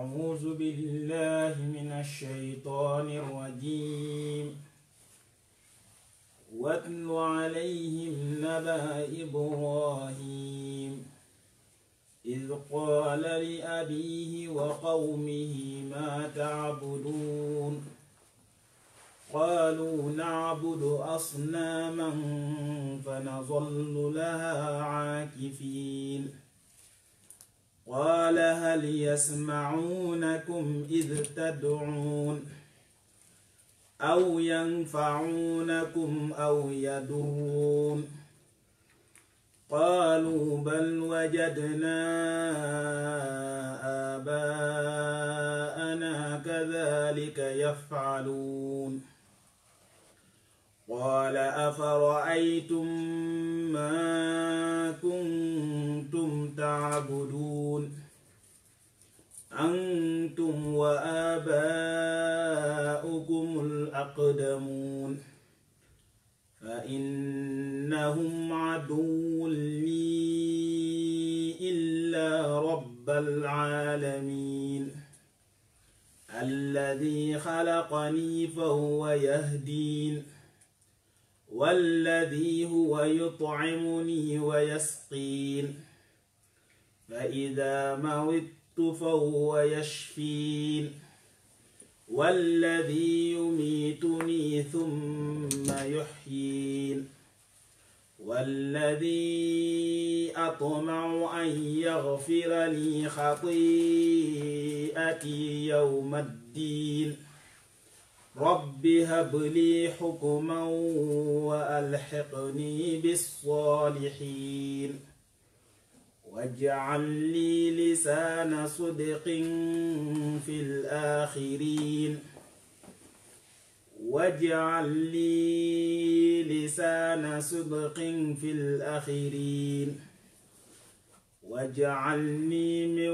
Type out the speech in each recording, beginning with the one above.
أعوذ بالله من الشيطان الرجيم واتل عليهم نبأ إبراهيم إذ قال لأبيه وقومه ما تعبدون قالوا نعبد أصناما فنظل لها عاكفين قال هل يسمعونكم إذ تدعون أو ينفعونكم أو يدرون قالوا بل وجدنا آباءنا كذلك يفعلون قال أفرأيتم ما كنتم تعبدون أنتم وآباؤكم الأقدمون فإنهم عدو لي إلا رب العالمين الذي خلقني فهو يهدين والذي هو يطعمني ويسقين فإذا موت فهو يشفين والذي يميتني ثم يحيين والذي أطمع أن يغفر لي خطيئتي يوم الدين رب هب لي حكما وألحقني بالصالحين واجعل لي لسان صدق في الآخرين واجعل لي لسان صدق في الآخرين واجعلني من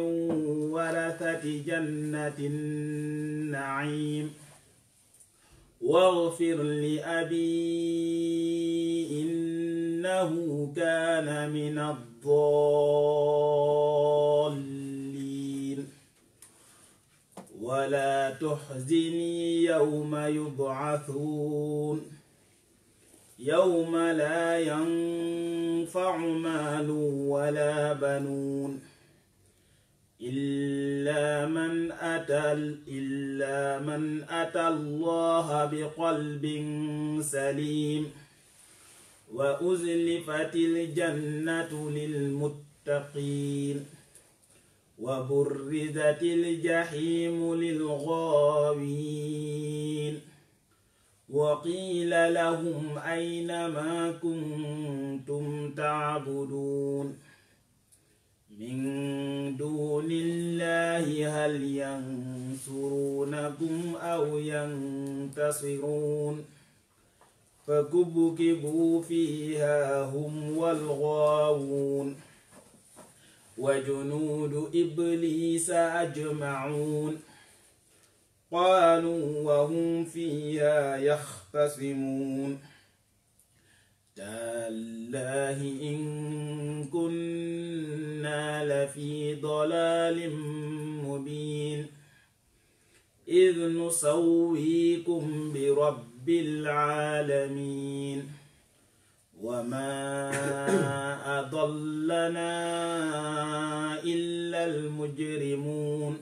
ورثة جنة النعيم واغفر لأبي إنه كان من الضالين ولا تحزني يوم يبعثون يوم لا ينفع مال ولا بنون إلا من أتى إلا من أتى الله بقلب سليم وأزلفت الجنة للمتقين وبرزت الجحيم للغاوين وقيل لهم أين ما كنتم تعبدون من دون الله هل ينصرونكم أو ينتصرون فكبكبوا فيها هم والغاوون وجنود إبليس أجمعون قالوا وهم فيها يختصمون تالله إن كنا لفي ضلال مبين إذ نسويكم برب العالمين وما أضلنا إلا المجرمون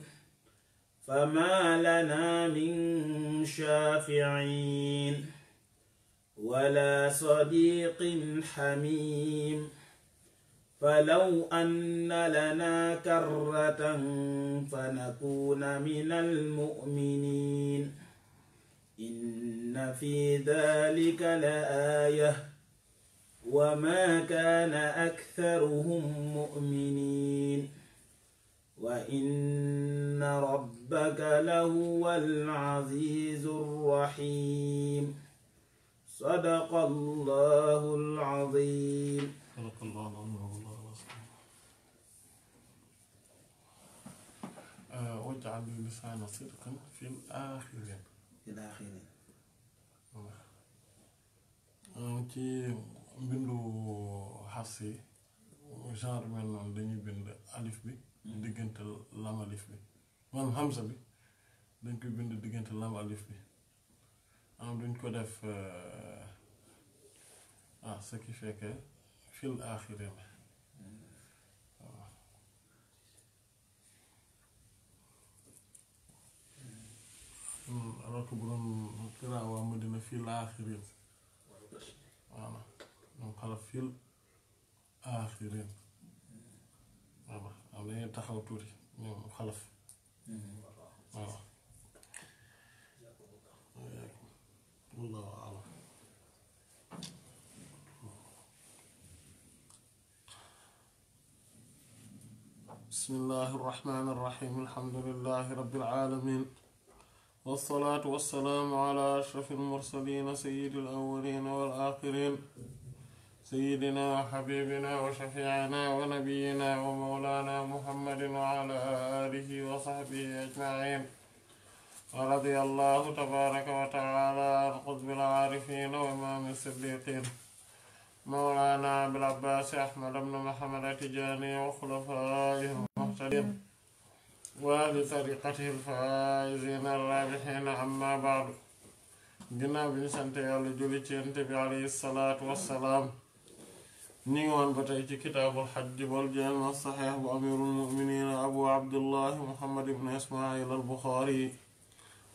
فما لنا من شافعين ولا صديق حميم فلو أن لنا كرة فنكون من المؤمنين إن في ذلك لآية وما كان أكثرهم مؤمنين وإن ربك لهو العزيز الرحيم صدق الله العظيم صدق الله العظيم واجعل لسان صدقا في الآخرين في الآخرين ci mbindu xas yi genre mel noonu dañuy bind alif bi diggante lam alif bi maanaam hamza bi dañ koy bind diggante lam alif bi am duñ ko def ah ce qui fait que fil aaxirin alors que bu doon tiraawa ma dina fil aaxirin voilà donc xala fil aaxirin voilà am nañu taxaw tuuti ñoom xalaf voilà الله أعلم بسم الله الرحمن الرحيم الحمد لله رب العالمين والصلاة والسلام على أشرف المرسلين سيد الأولين والآخرين سيدنا وحبيبنا وشفيعنا ونبينا ومولانا محمد وعلى آله وصحبه أجمعين ورضي الله تبارك وتعالى عن قطب العارفين وإمام الصديقين مولانا أبي العباس أحمد بن محمد التجاني وخلفائه المهتدين وأهل طريقته الفائزين الرابحين أما بعد جناب سانتا يالو جولي تشنت بي عليه الصلاه والسلام ني وون باتاي تي كتاب الحج والجامع الصحيح وامير المؤمنين ابو عبد الله محمد بن اسماعيل البخاري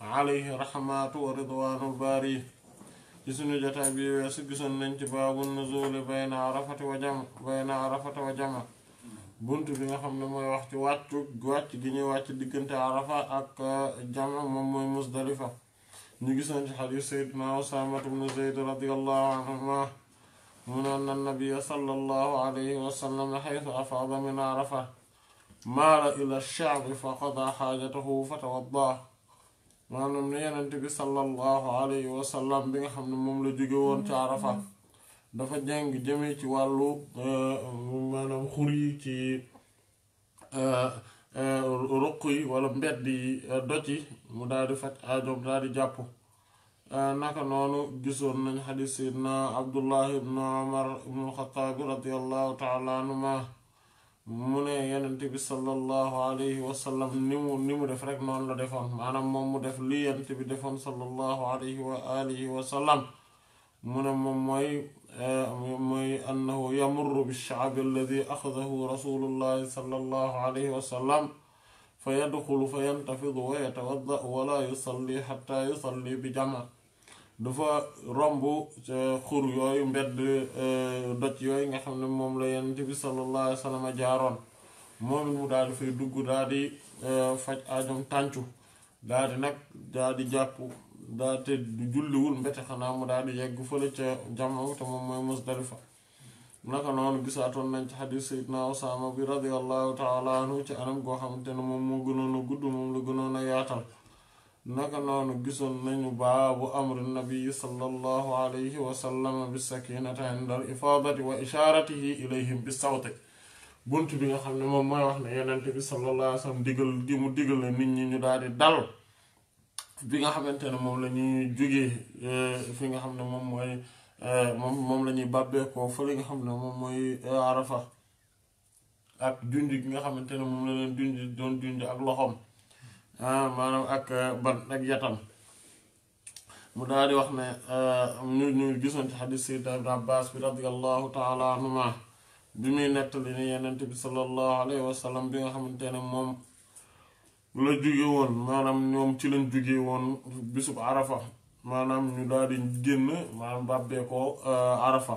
عليه رحمة ورضوان باري جسن جتا بي ويس غسن ننتي باب النزول بين عرفه وجمع بين عرفه وجمع بنت بيغا خامن موي واختي واتو غواتي دي ني واتي ديغنت عرفه اك جمع موم موي مزدلفه ني غسن حديث سيدنا اسامه بن زيد رضي الله عنهما من أن النبي صلى الله عليه وسلم حيث أفاض من عرفة مال إلى الشعب فقضى حاجته فتوضأ manam ne yenente bi sallallahu alayhi wa sallam bi nga xamne mom la joge won ci arafa dafa jeng jeme ci walu euh, manam xuri ci euh euh rokuy wala mbeddi euh, doci mu daldi fat adom daldi japp euh, naka nonu gisoon nañ hadith sirna abdullah ibn umar ibn khattab radiyallahu ta'ala anhu mune ne bi sallallahu alayhi wa sallam nimu nimu def rek non la defon manam mom mu def li yonent bi defon sallallahu alayhi wa alihi wa sallam mune mom moy moy annahu yamurru bi shabi alladhi akhadhahu rasulullah sallallahu alayhi wa sallam fayadkhulu fayantafidhu wa yatawadda wa la yusalli hatta yusalli bi jama' dafa romb ca xur yooyu mbedd euh, doj yooyu nga xam ne moom la yonent bi sallallahu alayhi wa sallam jaaroon moom it mu daal di dugg daal di euh, faj aajam tàncu daal di nag daal di jàpp daal te du julliwul mbete xanaa mu daal di yegg fële ca jamono te moom mooy Musdalifa naka noonu gisaatoon nañ ci xadiis Seydina Usaama bi radiyallahu taala anhu ci anam goo xamante ne moom moo gënoon gudd moom la gënoon a yaatal naka noonu gisoon nañu baabu amri nabii sallallahu alayhi wa sallam bi sakinati inda al ifaadati wa ishaaratihi ilayhim bi sawti bunt bi nga xam ne moom mooy wax ne yenente bi sallallahu alayhi mu digal la nit ñi daal di dal bi nga xamante ne moom la ñuy jógee eh, fi nga xam ne moom mooy eh, moom moom la ñuy bàbbeekoo fa li nga xam ne moom mooy eh, arafa ak junj gi nga xamante ne moom la leen junj doon junj ak loxoom Ah, maanaam ak eh, ban ak yatam mu daal di wax ne ñu eh, ñu gisoon ci xadis sayyidina ibn abbas bi radiallahu taala anhuma bi muy nettali ne yenent bi sallallahu alayhi wa bi nga xamante ne moom la jóge woon maanaam ñoom ci lañ jóge woon bisub arafa maanaam ñu daal di génn maanaam bàbbee eh, arafa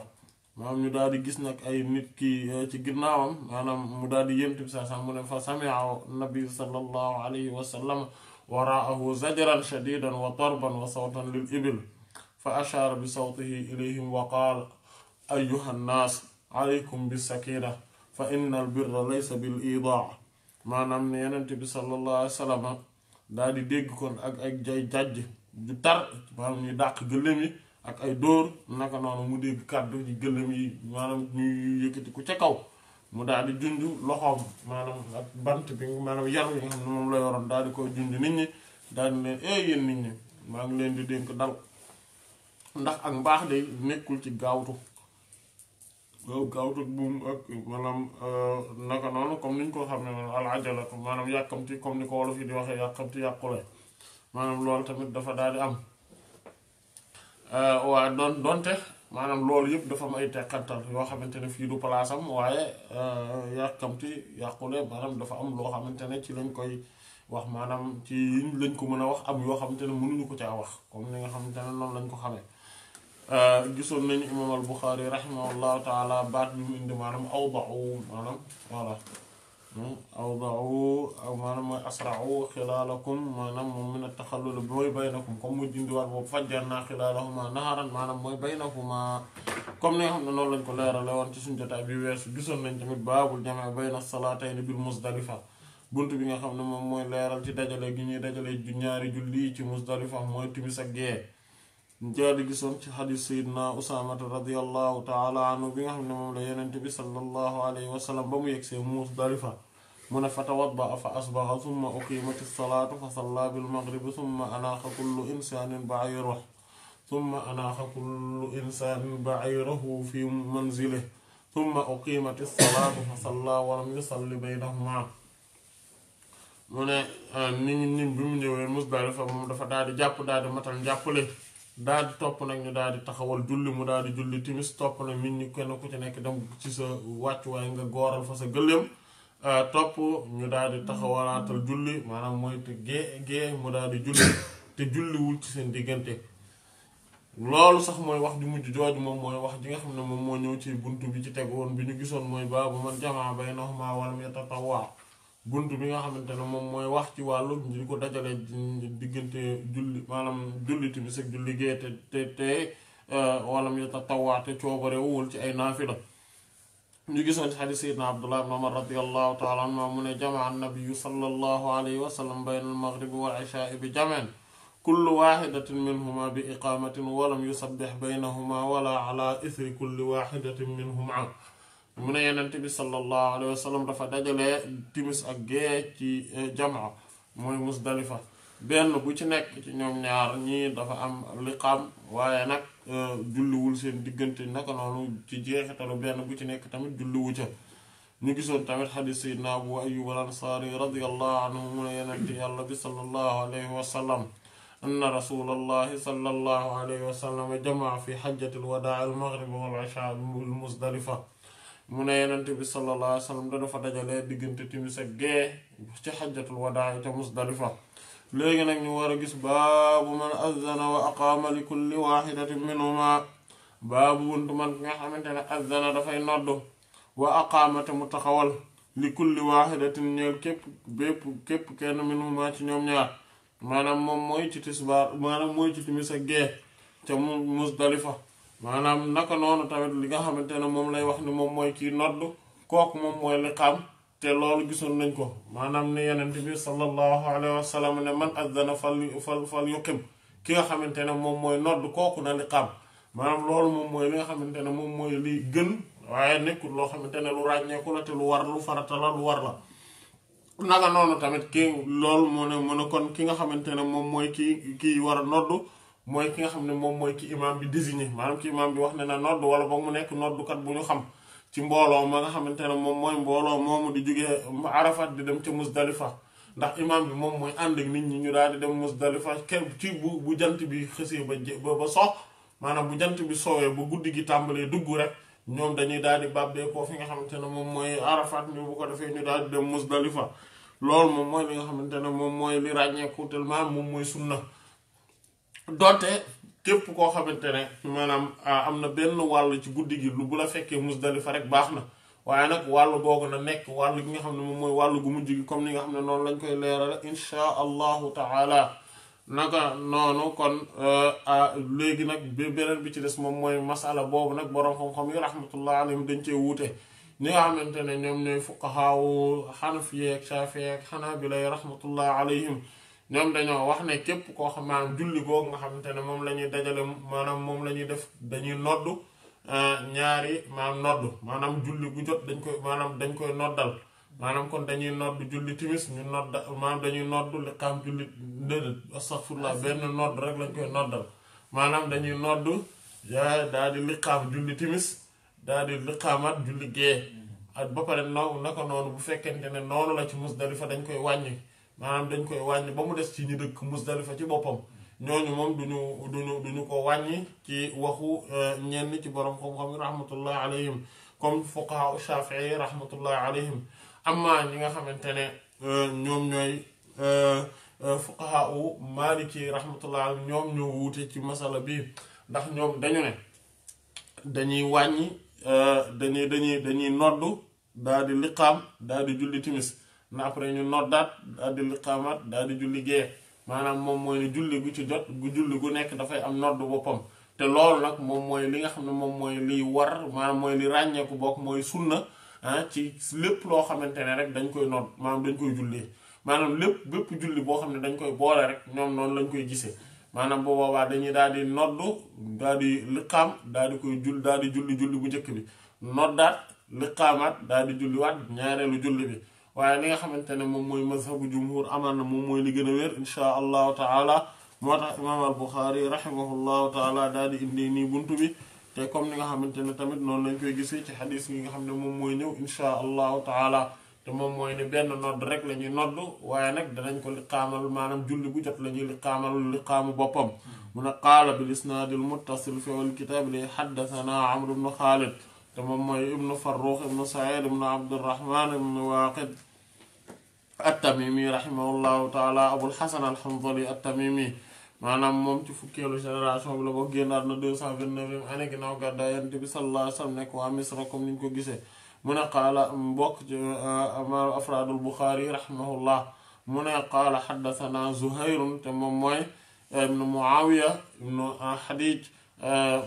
maanaam ñu daal di gis nag ay nit ki eh, ci ginnaawam maanaam mu daal di yént bi saa sax mu ne fa samia nabi sallallahu alayhi wa sallam waraahu zajran shadidan wa tarban wa sawtan lil ibil fa ashaara bi sawtihi ilayhim wa qaal ayuha nnaas alaykum bi sakina fa inna al birra laysa bil idaa maanaam ne yenent bi sallallahu alayhi wa sallam daal di dégg kon ak ak jay jajj ju tar maanaam ñu dàq gëléem yi ak ay dóor naka noonu mu dégg kàddu yi gëlëm yi maanaam ñuy yëkkati ku ca kaw mu daal di junj loxoom maanaam ak bant bi maanaam yar yi nga moom la yoroon daal di koy junj nit ñi daal di leen eh yéen nit ñi maa ngi leen di dénk dal ndax ak mbaax de nekkul ci gaawtu gaaw gaawtu buum ak maanaam euh, naka noonu comme ni ñu ko xam ne maanaam alajala maanaam yàkkamti comme ni ko wolof yi di waxee yàkkamti yàqule maanaam loolu tamit dafa daal di am. Euh, waa doon donte maanaam loolu yëpp dafa am ay tekkantal yoo xamante ne fii du palaasam waaye euh, yàkkamti yàqule maanaam dafa am loo xamante ne ci lañ koy wax maanaam ci lañ ko mën a wax am yoo xamante ne mënuñu ko caa wax comme ni nga xamante ne noonu lañ ko xamee euh, gisoon nañu imaam al Buxaari rahimahullahu taala baat bi mu indi maanaam aw ba maanaam voilà أوضعوه أو مانم أسرعوه خلالكم مانم من التخلل بوي بينكم كم مجند وفجرنا خلالهما نهارا مانم بوي بينكما كم نحن نقول إن كل هذا لو أنت سنجت أبي ويس جسم من جميل باب الجامع بين الصلاة إن بيل مصدرفة بنت بيني خم نم موي لا رجل تجلي جني تجلي جنياري جلي تي مصدرفة موي تمسك جيه jaadi gisoon ci xadis sayidna usaamata radiallahu taala anhu bi nga xam ne moom la yenente bi sallallahu alayhi wa sallam ba mu yegsee musdalifa mu ne fa tawadda fa asbaxa summa uqiimati salaatu fa salla bilmagribi summa anaaxa kullu insaanin baayirahu summa anaaxa kullu insaanin baayirahu fi manzile summa uqiimati salaatu fa salla walam yusalli baynahuma mu ne nit ñi bi mu ñëwee musdalifa moom dafa daal di jàpp daal di matal njàppale daal di topp nag ñu daal di taxawal julli mu daal di julli timis topp nag nit ñi kenn ku ci nekk dem ci sa wàccuwaay nga gooral fa sa gëléem euh, topp ñu daal di taxawalaatal julli maanaam mooy te gée gée mu daal di julli te julliwul ci seen diggante loolu sax mooy wax ju mujj jooju moom mooy wax ji nga xam ne moom moo ñëw ci bunt bi ci teg bi ñu gisoon mooy baabu man jamaa baynahuma walam yatatawwa buntu bi nga xamantene mom moy wax ci walu di ko dajale digënté julli manam julli timis ak julli gee te te te wala mu tatawwaate coobarewul ci ay nafila ñu gisoon ci xadis saydna abdullah ibn umar radiyallahu taala anhuma mu ne jamaa annabiyu sallallahu alayhi wa sallam bayna al-maghrib wa al-isha' bi jam'in kullu waxidatin minhuma bi iqamatin lam yusabbih baynahuma wala ala ithri kulli waxidatin minhuma mu ne yenent bi sallallahu alayhi wa sallam dafa dajale timis ak gee ci jamaa mooy musdalifa benn bu ci nekk ci ñoom ñaar ñii dafa am liqaam waaye nag julliwul seen diggante naka noonu ci jeexitalu benn bu ci nekk tamit julliwu ca ñu gisoon tamit xadis saydna abu ayub al ansaari radiallahu anhu mu ne yenent yàlla bi sallallahu alayhi wa sallam anna rasulallahi sallallahu alayhi wa sallam jamaa fi xajjati alwadaa almagriba wal ishaa al musdalifa mu ne yenent bi sallallahu alayhi wa sallam dafa dajalee diggante timis ak gee ci xajjatul wadaa te musdalifa léegi nag ñu war a gis baabu man azana wa aqaama li kulli waxidatin minhuma baabu wuntu man ki nga xamante ne azana dafay noddu wa aqaama mu taxawal li kulli waxidatin ñeel képp bépp képp kenn ma ci ñoom ñaar maanaam moom mooy ci tisbaar maanaam mooy ci timis ak gee te mu musdalifa maanaam naka noonu tamit li nga xamante ne moom lay wax ni moom mooy kii nodd kooku moom mooy liqaam te loolu gisoon nañ ko maanaam ne yenent bi sallallahu alayhi wa sallam ne man azdana fal ki nga xamante ne moom mooy nodd kooku na liqaam maanaam loolu moom mooy li nga xamante ne moom mooy li gën waaye nekkul loo xamante ne lu ràññeeku la te lu war lu farata la lu war la naka noonu tamit ki loolu moo ne mu ne kon ki nga xamante ne moom mooy kii kii war a nodd mooy ki nga xam ne moom mooy ki imam bi désigné maanaam ki imam bi wax ne na nodd wala boog mu nekk noddukat bu ñu xam ci mbooloo ma nga xamante ne moom mooy mbooloo moomu di jógee Arafat di dem ca Musdalifa ndax imam bi moom mooy ànd ak nit ñu daal di dem Musdalifa kenn ci bu bu jant bi xësee ba je ba sox maanaam bu jant bi soowee ba guddi gi tàmbalee dugg rek ñoom dañuy daal di bàbbee fi nga xamante ne moom mooy Arafat ñu bu ko defee ñu daal di dem Musdalifa loolu moom mooy li nga xamante ne moom mooy li ràññeeku moom mooy sunna donte képp koo xamante ne maanaam ah, am na benn wàll ci guddi gi lu bu la fekkee Musdalifa rek baax na waaye nag wàll googu na nekk wàll gi nga xam ne moom mooy wàll gu mujj gi comme ni nga xam ne noonu lañ koy leerala insha allahu taala naka noonu kon ah, ah, léegi nag bi beneen bi ci des moom mooy masala boobu nag boroom xam-xam yi rahmatullah alayhim dañ cee wuute ñi nga xamante ne ñoom ñooy fuqahaawu xanafiyeeg shaafiyeeg xanaabila rahmatullah alayhim ñoom dañoo wax ne képp koo xam maanaam julli boobu nga xamante ne moom la ñuy dajale maanaam moom la ñuy def dañuy noddu eh, ñaari maanaam noddu maanaam julli bu jot dañ koy maanaam dañ koy noddal maanaam kon dañuy noddu julli timis ñu nodd maanaam dañuy noddu li xam julli déedéet astafurlah benn nodd rek noddal maanaam dañuy noddu daal di liqaam julli timis daal di liqaamat julli gee mm-hmm. ak ba pare naw naka noonu bu fekkee nte ne noonu la ci Musdalifa dañ koy wàññi maanaam dañ koy wàññi ba mu des ci ñi dëkk Musdalifa ci boppam ñooñu moom duñu duñu duñu ko wàññi ci waxu euh, ñenn ci borom xam-xam rahmatullah alayhim comme fuqaha shafii rahmatullah alayhim amma ñi nga xamante ne euh, ñoom ñooy euh, fuqaha u maliki rahmatullah ñoom ñoo wuute ci masala bi ndax ñoom dañu ne dañuy wàññi dañuy dañuy dañuy noddu daal di liqaam daal di julli timis na après ñu noddaat daal di daal di julli gee maanaam moom mooy ne julli ci jot gu julli gu nekk dafay am nodd boppam te loolu nag moom mooy li nga xam ne moom mooy liy war maanaam li ràññeeku bokk mooy sunna ah ci lépp loo xamante ne rek dañ koy nodd maanaam dañ koy jullee maanaam lépp bépp julli boo xam ne dañ koy boole rek ñoom noonu lañ koy gisee maanaam bu boobaa dañuy daal di nodd daal di liqaam daal di koy jull daal di julli julli bu njëkk bi noddaat liqaamaat daal di julliwaat ñaareelu julli bi waaye li nga xamante ne moom mooy mazhabu jumhur amaan na moom mooy li gën a wér insha allahu taala moo tax imaam al buxaari rahimahullahu taala daal di indi nii buntu bi te comme ni nga xamante ne tamit noonu lañ koy gisee ci xadis yi nga xam ne moom mooy ñëw insha allahu taala te moom mooy ne benn nodd rek la ñuy nodd waaye nag danañ ko liqaamal maanaam julli bu jot la ñuy liqaamal liqaamu boppam mu ne qaala bil isnaadil muttasil fi al kitaab li xaddasanaa amru bnu xaalid te moom mooy ibnu farrux ibnu said ibnu abdurahman ibnu waaqid attamimi rahimahullahu taala abulxasan alxanzali attamimi maanaam moom ci fukkeelu génération bi la bokk génnaat na 229e année ginnaaw gàddaay yonent bi sallallahu alayhi wa sallam nekk waa misra comme niñ ko gisee mu ne qaala mbokk ci amaa afraadul buxaari rahimahullah mu ne qaala xaddasanaa zuhayrun te moom mooy ibnu muawiya ibnu xadij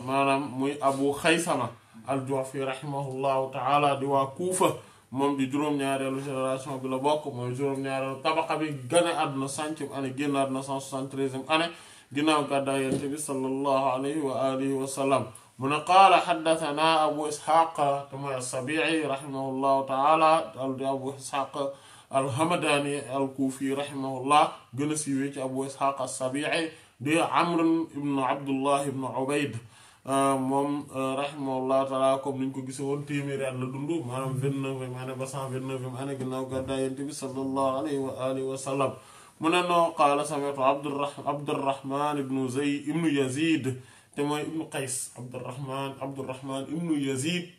maanaam muy abu xaysama al jawfi rahimahullahu taala di wa kufa mom di juróom-ñaareelu génération bi la bok moy juróom-ñaareelu tabaqa bi gëna àdduna centième ane génn àdduna cent soixante-treizième année ginnaaw bi sallallahu alayhi wa alihi wa salam mun qala hadathana abu ishaqa tuma as-Sabi'i rahimahullahu taala al du abu al-hamadani al-kufi rahimahullah gën a siiwee ci abu ishaqa as-Sabi'i di amr ibn abdullah ibn ubayd Euh, moom euh, rahimahullahu taala comme niñ ko gisoon téeméeri at la dund maanaam vingt neuvième année ba cent vingt neuvième année ginnaaw gàddaay yonent bi sallallahu alayhi wa alihi wa sallam mu ne noo qaala sami'tu abdurra abdurrahman ibnu zay ibnu yazid te mooy ibnu qays abdurrahman abdurrahman ibnu yazid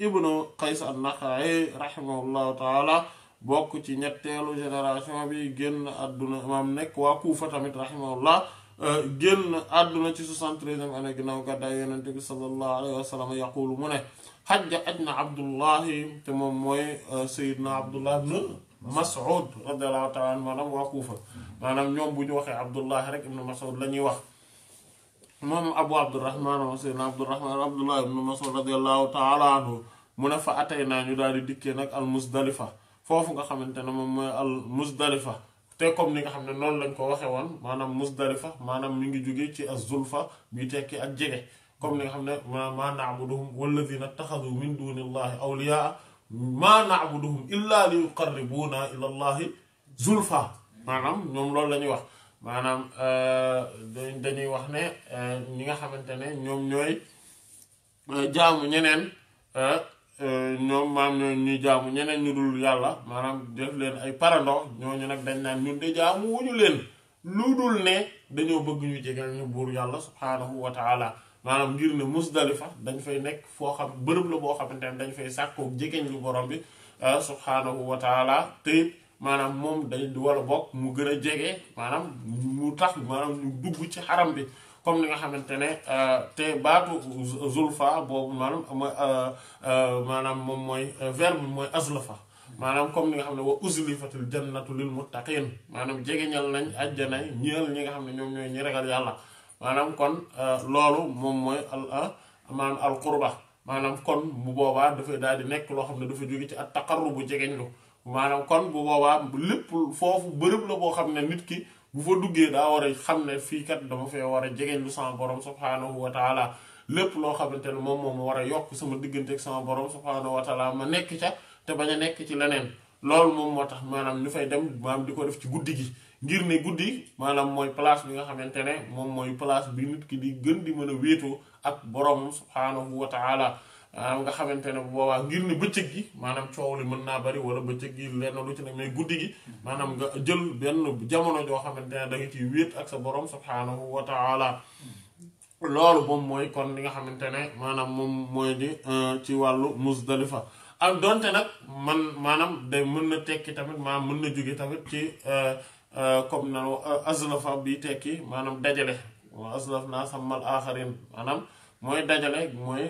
ibnu qays an-Nakha'i rahimahullahu taala bokk ci ñetteelu génération bi génn àdduna maam nekk waa Kuufa tamit rahimahullah جن أدنى تسعة وثلاثين من أنا جناو كدا ينتمي صلى الله عليه وسلم يقول منه حج أدنى عبد الله تمامي سيدنا عبد الله بن مسعود رضي الله تعالى عنه أنا موقوفة أنا من يوم بيجوا خي عبد الله هرك ابن مسعود لني وح مم أبو عبد الرحمن وسيدنا عبد الرحمن عبد الله ابن مسعود رضي الله تعالى عنه من فأتينا نداري دكينك المزدلفة فوفق خمنتنا مم المزدلفة te comme ni nga xam ne noonu lañ ko waxe woon maanaam musdalifa maanaam mi ngi jóge ci az-zulfa bi tekki ak jege comme ni nga xam ne maa na'buduhum walladhina ittakhadhu min duni llahi awliyaa maa na'buduhum illa li yuqarribuna ila llahi zulfa maanaam ñoom loolu la ñuy wax maanaam euh, dañuy wax ne euh, ñi nga xamante ne ñoom ñooy euh, jaamu ñeneen Euh, ñoom maam ñoo ñuy jaamu ñeneen ñu dul yàlla maanaam def leen ay parando ñooñu nag dañ naan ñun de jaamu wuñu leen lu dul ne dañoo bëgg ñu jegeel ñu buur yàlla subhaanahu wa taala maanaam ngir ne musdalifa dañ fay nekk foo xam bërëb la boo xamante ne dañ fay sàkkoog jegeñ lu borom bi ah, subhaanahu wa taala te maanaam moom dañ wala bokk mu gën a jege maanaam mu tax maanaam ñu dugg ci xaram bi comme ni nga xamante ne euh, te baatu fa boobu maanaam mooy euh, euh, maanaam moom mooy verbe mooy azlafa maanaam comme ni nga xam ne wa uzlifatil jannatu lil muttaqin maanaam jegeñal nañ àjjanay ñeel ñi nga xam ne ñoom ñooy ñi ragal yàlla maanaam kon loolu moom mooy al maanaam al qurba maanaam kon bu boobaa dafay daal di nekk loo xam ne dafa jóge ci at taqarrubu jegeñlu maanaam kon bu boobaa lépp foofu bërëb la boo xam ne nit ki bu fa duggee daa war a xam ne fii kat dama fee war a jegeñ lu sama borom subhaanahu wa taala lépp loo xamante ne moom moom ma war a yokk sama digganteeg sama borom subhaanahu wa taala ma nekk ca te bañ a nekk ci leneen loolu moom moo tax maanaam ñu fay dem maam di ko def ci guddi gi ngir ne guddi maanaam mooy place bi nga xamante ne moom mooy place bi nit ki di gën di mën a wéetoo ak boroom subhaanahu wa taala maanaam ah, nga xamante ne bu boobaa ngir ne bëccëg gi maanaam coow li mën naa bari wala bëccëg gi lenn lu ci nekk mais guddi gi maanaam nga jël benn jamono joo xamante ne da nga wéet ak sa borom subhaanahu wa taala loolu moom mooy kon li nga xamante ne maanaam moom mooy di euh, ci wàllu Muzdalifa am ah, donte nag man maanaam day mën na tekki tamit maanaam mën na jóge tamit ci euh, euh, comme na azlafa bi tekki maanaam dajale wa azlaf naa mal aaxarin maanaam mooy dajale mooy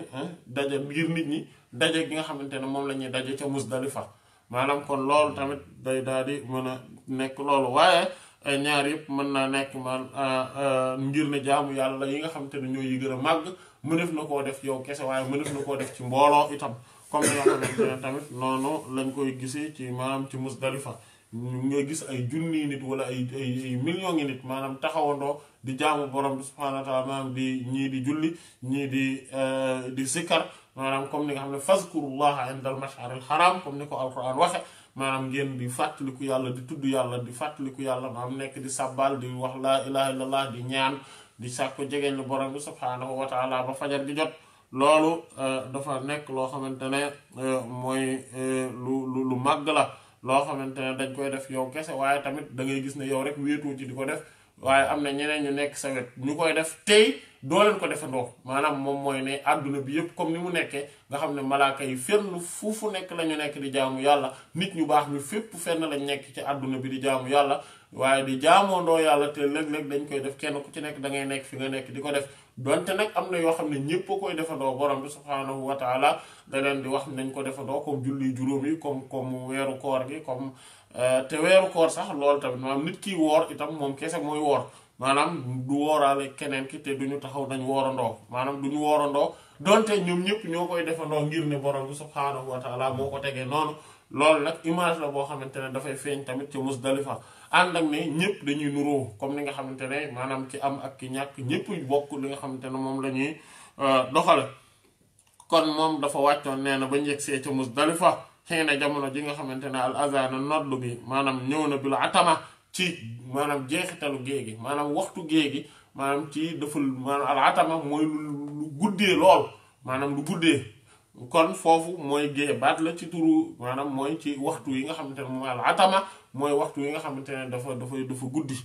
daja ngir nit ñi daje gi nga xamante ne moom la ñuy daje ca Musdalifa maanaam kon loolu tamit day daal di mën a nekk loolu waaye eh, ñaar yëpp mën naa nekk man ah, ah, ngir ne jaamu yàlla yi nga xamante ne ñoo yi gën a màgg mënef na koo def yow kese waaye mënef na koo def ci mbooloo itam comme ni nga tamit noonu lañ koy gisee ci maanaam ci Musdalifa ñu gis ay jooni nit wala ay ay million nit manam taxawandoo di jaamu borom subhanahu wa taala di ñi di julli ñi di euh, di zikr manam comme ni nga xamne ne fazkurullaha inda al mashar al haram comme ni ko alquran waxe manam ngeen di fàttaliku yalla di tuddu yalla di fàttaliku yalla manam nek di sabbal di wax la ilaha illallah di ñaan di sakko jegeñ lu borom subhanahu wa taala ba fajar di jot lolu euh, dafa nek loo xamantene ne euh, lu lu magla loo xamante ne dañ koy def yow kese waaye tamit dangay gis ne yow rek wéetoo ci di ko def waaye am na ñeneen ñu nekk sa wet ñu koy def tey doo leen ko defandoo maanaam moom mooy ne àdduna bi yépp comme ni mu nekkee nga xam ne malaaka yi fenn fu fu nekk la ñu nekk di jaamu yàlla nit ñu baax ñu fépp fenn lañ nekk ci àdduna bi di jaamu yàlla waaye di jaamoondoo yàlla te léeg-léeg dañ koy def kenn ku ci nekk da ngay nekk fi nga nekk di ko def donte nag am na yoo xam ne ñépp a koy defandoo borom bi subhaanahu wa taala da leen di wax nañ ko defandoo comme julli juróom yi comme comme weeru koor gi comme euh, te weeru koor sax loolu tamit maanaam nit kiy woor itam moom kese mooy woor maanaam du wooraale keneen ki te duñu taxaw nañ woorandoo maanaam duñu woorandoo donte ñoom ñépp ñoo koy defandoo ngir ne borom bi subhaanahu wa taala moo ko tegee noonu loolu nag image la boo xamante ne dafay feeñ tamit ci Musdalifa ànd ak ne ñëpp dañuy nuroo comme ni nga xamante ne maanaam ki am ak ki ñàkk ñëpp bokk li nga xamante ne moom la ñuy euh, doxale kon moom dafa wàccoon nee na ba njëgsee ca Musdalifa xëy na jamono ji nga xamante ne al azana nodd bi maanaam ñëw na bi la atama ci maanaam jeexitalu géegi maanaam waxtu géegi maanaam ci dafa maanaam al atama mooy lu guddee lool maanaam lu guddee kon foofu mooy gée baat la ci turu maanaam mooy ci waxtu yi nga xamante ne moom al mooy waxtu yi nga xamante ne dafa dafay dafa guddi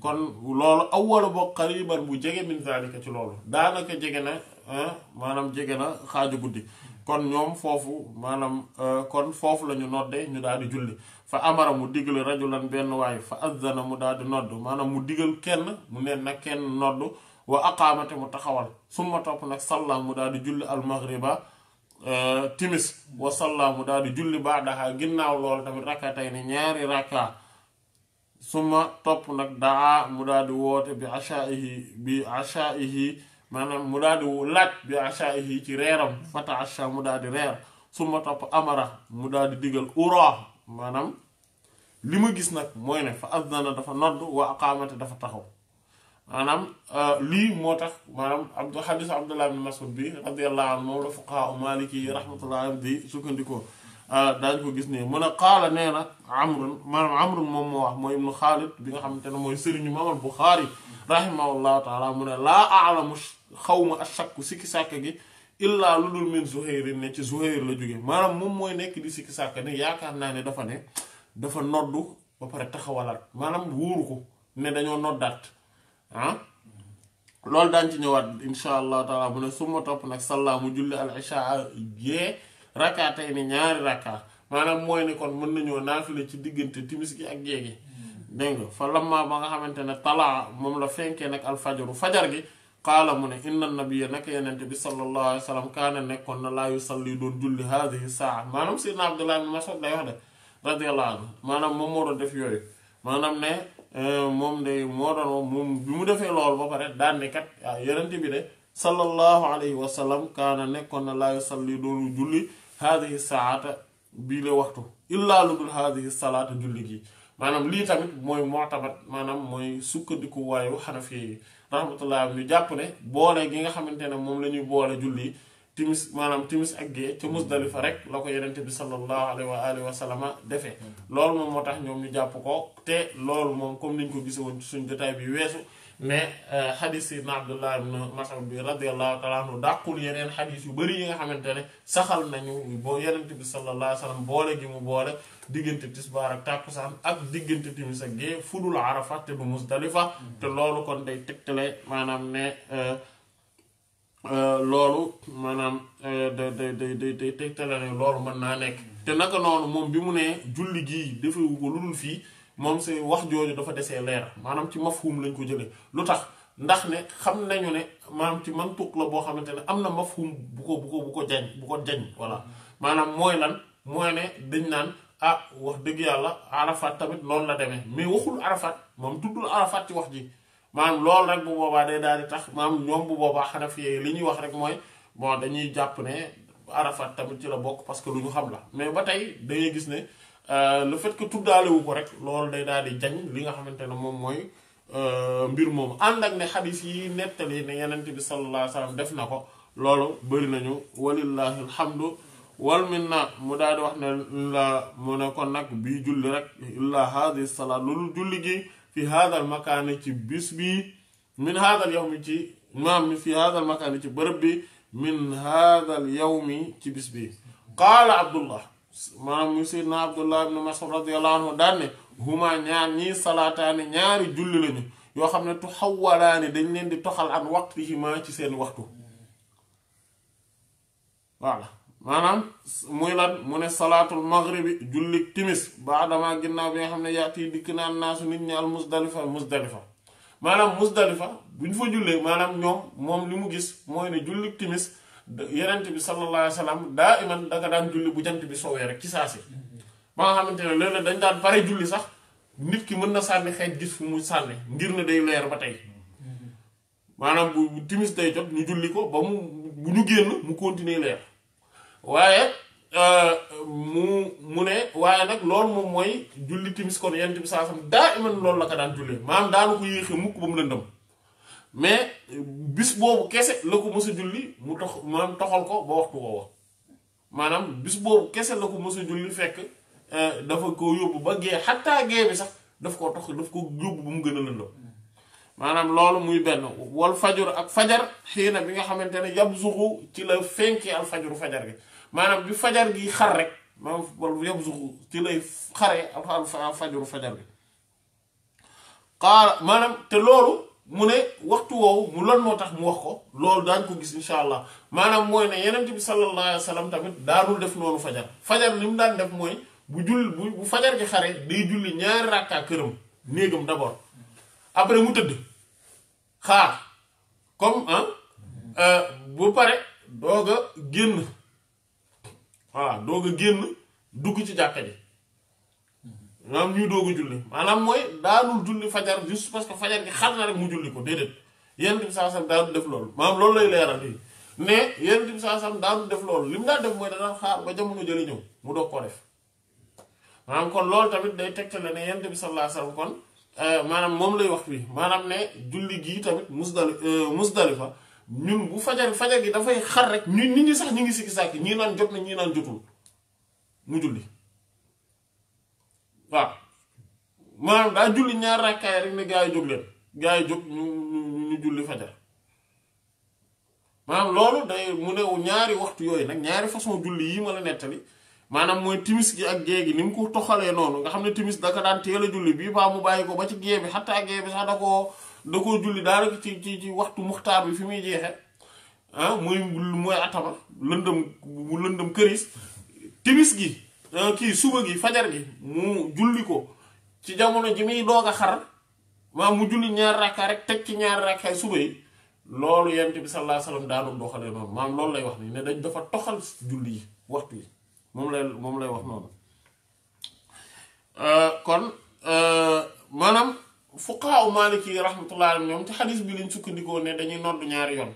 kon loolu awwala boo xariban bu jege min zalika ci loolu daanaka jege na maanaam jege na xaaju guddi kon ñoom foofu maanaam euh, kon foofu la ñu nodde ñu daal di julli fa amara mu digal rajulan benn waay fa azzana mu daal di nodd maanaam mu digal kenn mu ne nag kenn nodd wa aqaamate mu taxawal summa topp nag salla mu daal di julli al maghriba Euh, timis wasallaamu daal di julli baadaha ginnaaw loolu tamit rakkatay ni ñaari rakka suma topp nag daa mu daal di woote bi ashaihi bi ashaihi maanaam mu daal di laaj bi ashaihi ci reeram fata asha mu daal di reer suma topp amara mu daal di digal manam li ma gis nag mooy ne fa azdana dafa nodd wa aqaamate dafa taxaw manam li motax manam maanaam hadith abdullah bin masud bi radiyallahu anhu moom fuqaha maliki yi rahmatullah alayhi di sukkandikoo ko gis nii mu ne qaala nee na amrun maanaam amrun moom wax moy ibn khalid bi nga xamantene moy serignu mamal bukhari rahimahullahu taala mu ne laa aalamu xawma ashakku sikki gi illa lulul min zuhair ne ci zuhair la jóge manam mom moy nek di sikki sàkk ne yakar na ne dafa ne dafa noddu ba pare taxawalat manam wóoru ko ne dañu noddat ah daan ci ñëwaat insha allahu taala mu ne suma topp nag salla mu julli al isha gee rakka ni ñaari rakka maanaam mooy ni kon mën nañoo naafile ci diggante timis gi ak gee gi dégg nga fa lamma ba nga xamante ne talaa moom la fenkee nag alfajaru fajar gi qaala mu ne inna nabiya naka yenente bi sallallahu alayhi wa sallam kaana nekkoon na laa yusalli doon julli haadihi saa maanaam sidna abdullah ibn mas'ud day wax de radiyallahu maanaam ne Eh, moom de moo doon moom bi mu defee loolu ba pare daan ne kat ah, yonent bi de salallahu alayhi wa sallam kaana nekkoon na laa salli doonu julli haadihi saata bii la waxtu illa lu dul haadihi salaata julli gi maanaam lii tamit mooy mootabat maanaam mooy sukkandiku waayu xanafi yi rahmatullah ñu jàpp ne boole gi nga xamante ne moom la ñuy boole julli yi timis maanaam timis ak gée ca hmm. Musdalifa rek la ko yenente bi sallallahu alayhi wa alihi loolu moom moo tax ñoom ñu jàpp ko te loolu moom comme niñ ko gise woon ci suñ jotaay bi weesu mais xadis euh, yi na abdullah ibn mas'ud bi radiallahu taala anhu dàqul yeneen xadis yu bëri yi nga xamante ne saxal nañu boo yenente bi sallallahu alayhi wa sallam boole gi mu boole diggante tisbaar ak tàkkusaan ak diggante timis ak gée fudul arafa te du Musdalifa hmm. te loolu kon de tegtale maanaam euh, Euh, loolu maanaam day euh, day day day tegtale ne loolu mën naa nekk te naka noonu moom bi mu nee julli gii defewu ko lu dul fii moom say wax jooju dafa desee leer maanaam ci mafhum lañ ko jëlee lu tax ndax ne xam nañu ne maanaam ci man mantuq la boo xamante ne am na mafhum bu ko bu ko bu ko jañ bu ko jañ voilà maanaam mooy lan mooy ne dañ naan ah wax dëgg yàlla arafat tamit noonu la demee mais waxul arafat moom tuddul arafat ci wax ji maanaam loolu rek bu boobaa day daal di tax maanaam ñoom bu boobaa xanafi yi li ñuy wax rek mooy bon dañuy jàpp ne arafat tamit ci la bokk parce que lu ñu xam la mais ba tey da gis ne euh, le fait que tuddaale wu ko rek loolu day daal di jañ li nga xamante ne moom mooy euh, mbir moomu ànd ak ne xadis yi nettali ne yenente bi sallallahu alayhi wasallam def na ko loolu bëri nañu walillahi alhamdu wal minna mu daal di wax ne la mu ne kon nag bi julli rek illa hadi salaat loolu julli gi fi haadal makaani ci bis bi min haadal yow mi ci maam mi ci bërëb bi min yow mi ci bis bi qaala abdullah maam mi seydna abdullah ibn mas'ud radiyallahu anhu daan huma ñaar ñii salaataani ñaari julli yoo xam ne tuxawalaani dañ leen di toxal an waqtihima ci seen waxtu maanaam muy lan mu ne salaatul maghribi jullik timis baadama ginnaaw bi nga xam ne yaati dikk naan naasu nit ñi al musdalifa musdalifa maanaam musdalifa bu ñu fa jullee maanaam ñoom moom li mu gis mooy ne julli timis yenent bi sallallahu alayhi wa sallam daa iman danga daan julli bu jant bi soowee rek ci saa si ba nga xamante ne léeg dañ daan pare julli sax nit ki mën na sànni xeet gis fu mu sàlli ngir ne day leer ba tey maanaam bu timis day jot ñu julli ko ba mu bu ñu génn mu continuer leer waaye euh, mu mu ne waaye nag loolu moom mooy julli timis kon yonent bi saasam daa iman loolu la ko daan jullee maanaam daanu ko yéexee mukk ba mu lëndëm mais bis boobu kese la ko mës julli mu tax maanaam toxal ko ba maanaam bis boobu kese la ko mës a julli fekk euh, dafa ko yóbbu ba gee xattaa gee bi sax daf koo tox daf ko yóbbu ba mu gën a lëndëm maanaam loolu muy benn wal fajur ak fajar xii na bi nga xamante ne yab zuxu ci la fenkee al fajuru fajar gi maanaam bi fajar gi xar rek maanaam wala yab suxu ci lay xare alxuraan fajaru fajar bi xaala maanaam te loolu mu ne waxtu woowu mu loon moo tax mu wax ko loolu daañ ko gis insha allah maanaam mooy ne yenent bi sallallahu alayhi wa tamit daanul def noonu fajar fajar li mu daan def mooy bu julli bu bu fajar gi xare day julli ñaari rakka këram néegam d'abord après mu tëdd xaar comme euh, bu pare doog a génn voilà doog a génn dugg ci jàkka ji maanaam ñuy doog a julli maanaam mooy daanul julli fajar juste parce que fajar gi xar na rek mu julli ko déedéet yonent bi saa sam daanul def loolu maanaam loolu lay leeral fii mais yonent bi saa sam daanul def loolu lim mu def mooy danaa xaar ba jamono jële ñëw mu doog ko def maanaam kon loolu tamit day tegtale ne yonent bi sallallahu alayhi wasallam kon eh, maanaam moom lay wax fii maanaam ne julli gii tamit musdali eh, musdalifa ñun bu fajar fajar gi dafay xar rek ñu nit ñi sax ñu ngi sikki yi ñii naan jot na ñii naan jotul mu julli waaw maanaam daa julli ñaar rakkaay rek ne gaa yi jóg leen gaa yi jóg ñu ñu julli fajar maanaam loolu day mu ne ñaari waxtu yooyu nag ñaari façon julli yi ma la nettali maanaam mooy timis gi ak gée gi ni mu ko toxalee noonu nga xam ne timis daka daan teel a julli bii baa mu bàyyi ko ba ci gée bi xataa gée bi sax da koo da koo julli daanaka ci ci ci waxtu muxtaar bi fi muy jeexe ah muy mooy atama lëndëm këris timis gi ah, kii suba gi fajar gi mu julli ko ci jamono ji muy doog a xar maa mu julli ñaar rakkaa rek teg ci ñaari rakkaay suba yi loolu yonent bi sallallahu alayhi wasallam doxalee noonu maam loolu lay wax ni ne dañ dafa toxal julli yi waxtu yi moom lay moom lay wax noonu ah, kon ah, maanaam fuqaaw maaliki yi rahmatullahi alayhim ñoom ci xadis bi lañ sukkandikoo ne dañuy nodd ñaari yoon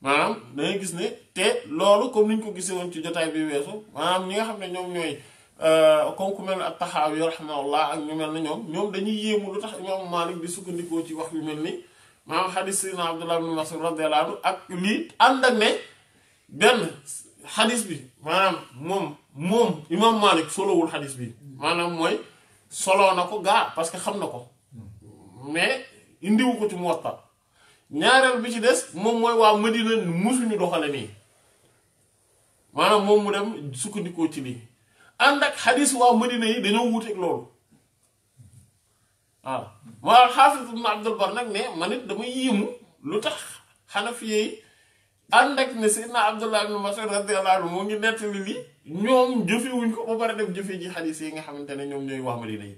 maanaam dangay gis ne te loolu comme niñ ko gisee woon ci jotaay bi weesu maanaam ñi nga xam ne ñoom ñooy euh, comme ku mel ne ak taxaawi rahimahullah ak ñu mel ne ñoom ñoom dañuy yéemu lu tax imaamu Maalik di sukkandikoo ci wax yu mel ni maanaam xadis sayyidina Abdullah ibn Mas'ud radiyallahu anhu ak lii ànd ak ne benn xadis bi maanaam moom moom imaamu Maalik solowul xadis bi maanaam mooy soloo na ko gaa parce que xam na ko mais indiwu ko ci Muwatta ñaareel bi ci des moom mooy waa Madina musuñu doxale nii maanaam moom mu dem sukkandikoo ci lii ànd ak xadis waa Madina yi dañoo wuuteeg loolu waaw maa xaafis ibn Abdul Bar nag ne man it dama yéemu lu tax xanafiye yi ànd ak ne Seydina Abdullah ibn Mas'ud radiyallahu anhu moo ngi nettali lii ñoom jëfewuñ ko ba pare dem jëfe ji xadis yi nga xamante ne ñoom ñooy waa Madina yi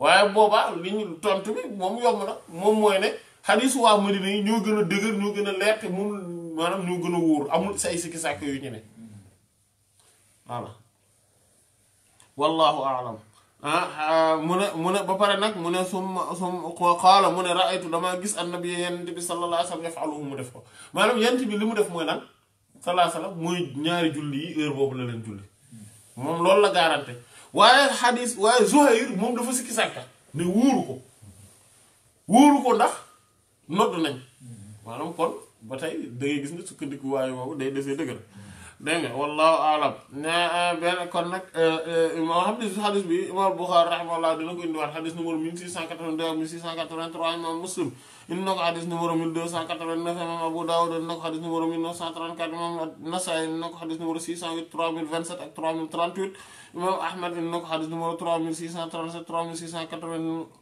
waaye booba li ñu tontu bi moom yomb na moom mooy ne xadiis waa Madina yi ñoo gën a dëgër ñoo gën a leer te moom maanaam ñoo gën a wóor amul say sikki sàkk yu ñu ne voilà wallahu aalam ah, ah mu ne mu ne ba pare nag mu ne summa sum qaala mu ne raaytu damaa gis annabi yonent bi sallallahu alayhi wasallam yafaluhu mu def ko maanaam yonent bi li mu def mooy lan sallallahu alayhi wasallam ñaari julli yi heure boobu la leen julli moom loolu la garanté waaye xadis waaye Zuhayr moom dafa sikki sàkka ne wóoru ko wóoru ko ndax nodd nañ maanaam kon ba tey da gis gis ne sukkandiku waaye woowu day desee dëgg la dégg nga alam na eh, benn kon nag eh, eh, imam xadis xadis bi imam Buxaari rahimahullah dina ko indiwaat xadis numéro 1682 ak 1683 imam Muslim indi na ko xadis numéro 1289 imam Abu Dawud indi na ko xadis numéro 1934 imam Nasaa'i indi na ko xadis numéro 608 3027 ak 3038 imam Ahmad indi na ko xadis numéro 3637 3680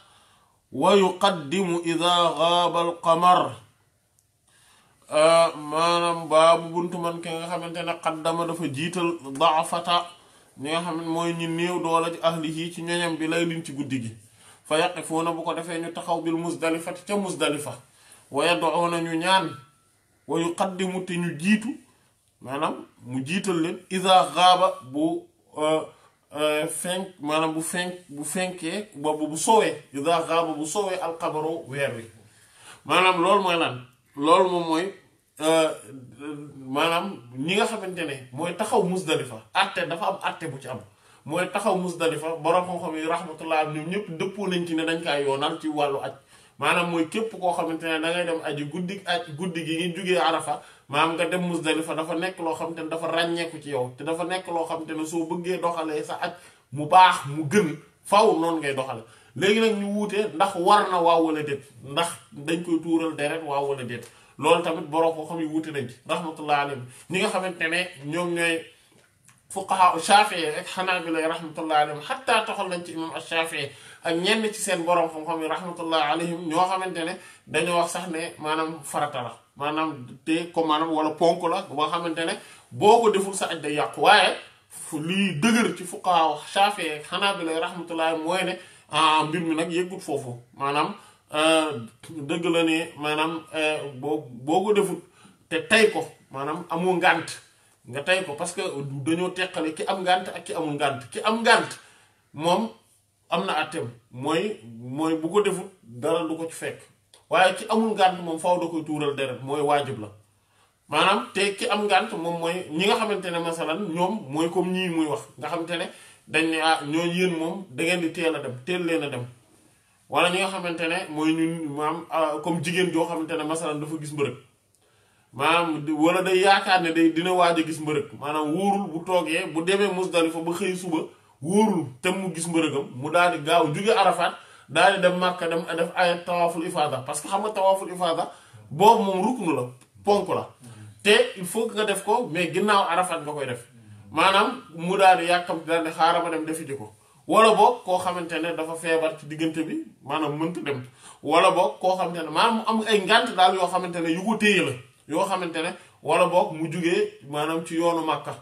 wa yuqaddimu ida gaaba alqamar ah, maanaam bu buntu man ki nga xamante ne qaddama dafa jiital daafata ñi nga xam ne mooy ñi néew doola ci ahlihi ci ñoñam bi lay liñ ci guddi gi fa yaqifuuna bu ko defee ñu taxaw bil musdalifati ca musdalifa wa yad'uuna ñu ñaan wa yuqaddimu te ñu jiitu maanaam mu jiital leen ida gaaba bu ah, Euh, fenk maanaam bu fenk bu fenkee boobu bu sowee ida xaaba bu sowee alxabaru weer wi maanaam loolu mooy lan loolu moom mooy euh, maanaam ñi nga xamante ne mooy taxaw musdalifa atte dafa am atte bu ci am mooy taxaw musdalifa borom xam-xam yi rahmatullah ñoom ñëpp dëppoo nañ ci ne dañ kaa yoonal ci wàllu aj maanaam mooy képp koo xamante ne da ngay dem aji guddi aj guddi gi ngi jugee arafa maam nga dem Muzdalifa dafa nek lo xam te ne dafa ràññeeku ci yow te dafa nek lo xam so beugé doxale sa acc mu baax mu gën faaw non ngay doxale légui nak ñu wuté ndax warna na waaw wala det ndax dañ koy tourul deret waaw wala det lool tamit borox ko xamni wuté nañ ci rahmatullah alayhi ñi nga xamante ne ñoom ñooy fuqaha Shafii ak Hanabila rahmatullah alayhi hatta taxal nañ ci imam Shafii ak ñenn ci seen borom xam-xam yi rahmatullah alayhim ñoo xamante ne dañoo sax ne maanaam farata la maanaam te ko maanaam wala ponk la ba xamante ne boo ko deful sa aj day yàqu waaye lii dëgër ci fuqahaa Shaafi'i Hanaabila rahmatullah mooy ne ah mbir mi nag yëggut foofu maanaam euh, dëgg la ne maanaam euh, boo boo ko deful te tey ko maanaam amoo ngànt nga tey ko parce que dañoo teqale ki am ngànt ak ki amul ngànt ki am ngànt moom am na àtteem mooy mooy bu ko defut dara du ko ci fekk waaye ci amul ngànt moom faaw da koy tuural deret mooy waajub la maanaam te ki am ngant moom mooy ñi nga xamante ne masalan ñoom mooy comme ñii muy wax nga xamante ne dañ ne ah ñoo yéen moom dangeen di teel a dem teel leen a dem wala ñi nga xamante ne mooy ñun maam ah, comme jigéen joo xamante ne masalan dafa gis mbërëg maanaam wala day yaakaar ne day dina waaj gis mbërëg maanaam wóorul bu toogee bu demee Musdalifa ba xëy suba wóorul te mu gis mbërëgam mu daal di gaaw jóge Arafat daal di dem Màkka dem def ay tawaaful ifaada parce que xam nga tawaaful ifaada boobu moom ruknu la ponk la te il faut nga def ko mais ginnaaw Arafat nga koy def maanaam mu daal di yàkkamti daal di xaaral ma dem defi ji ko wala boog koo xamante ne dafa feebar ci diggante bi maanaam mënta dem wala book koo xamante ne maanaam mu am ay ngànt daal yoo xamante ne yu ko téye la yoo xamante ne wala boog mu jugee maanaam ci yoonu Màkka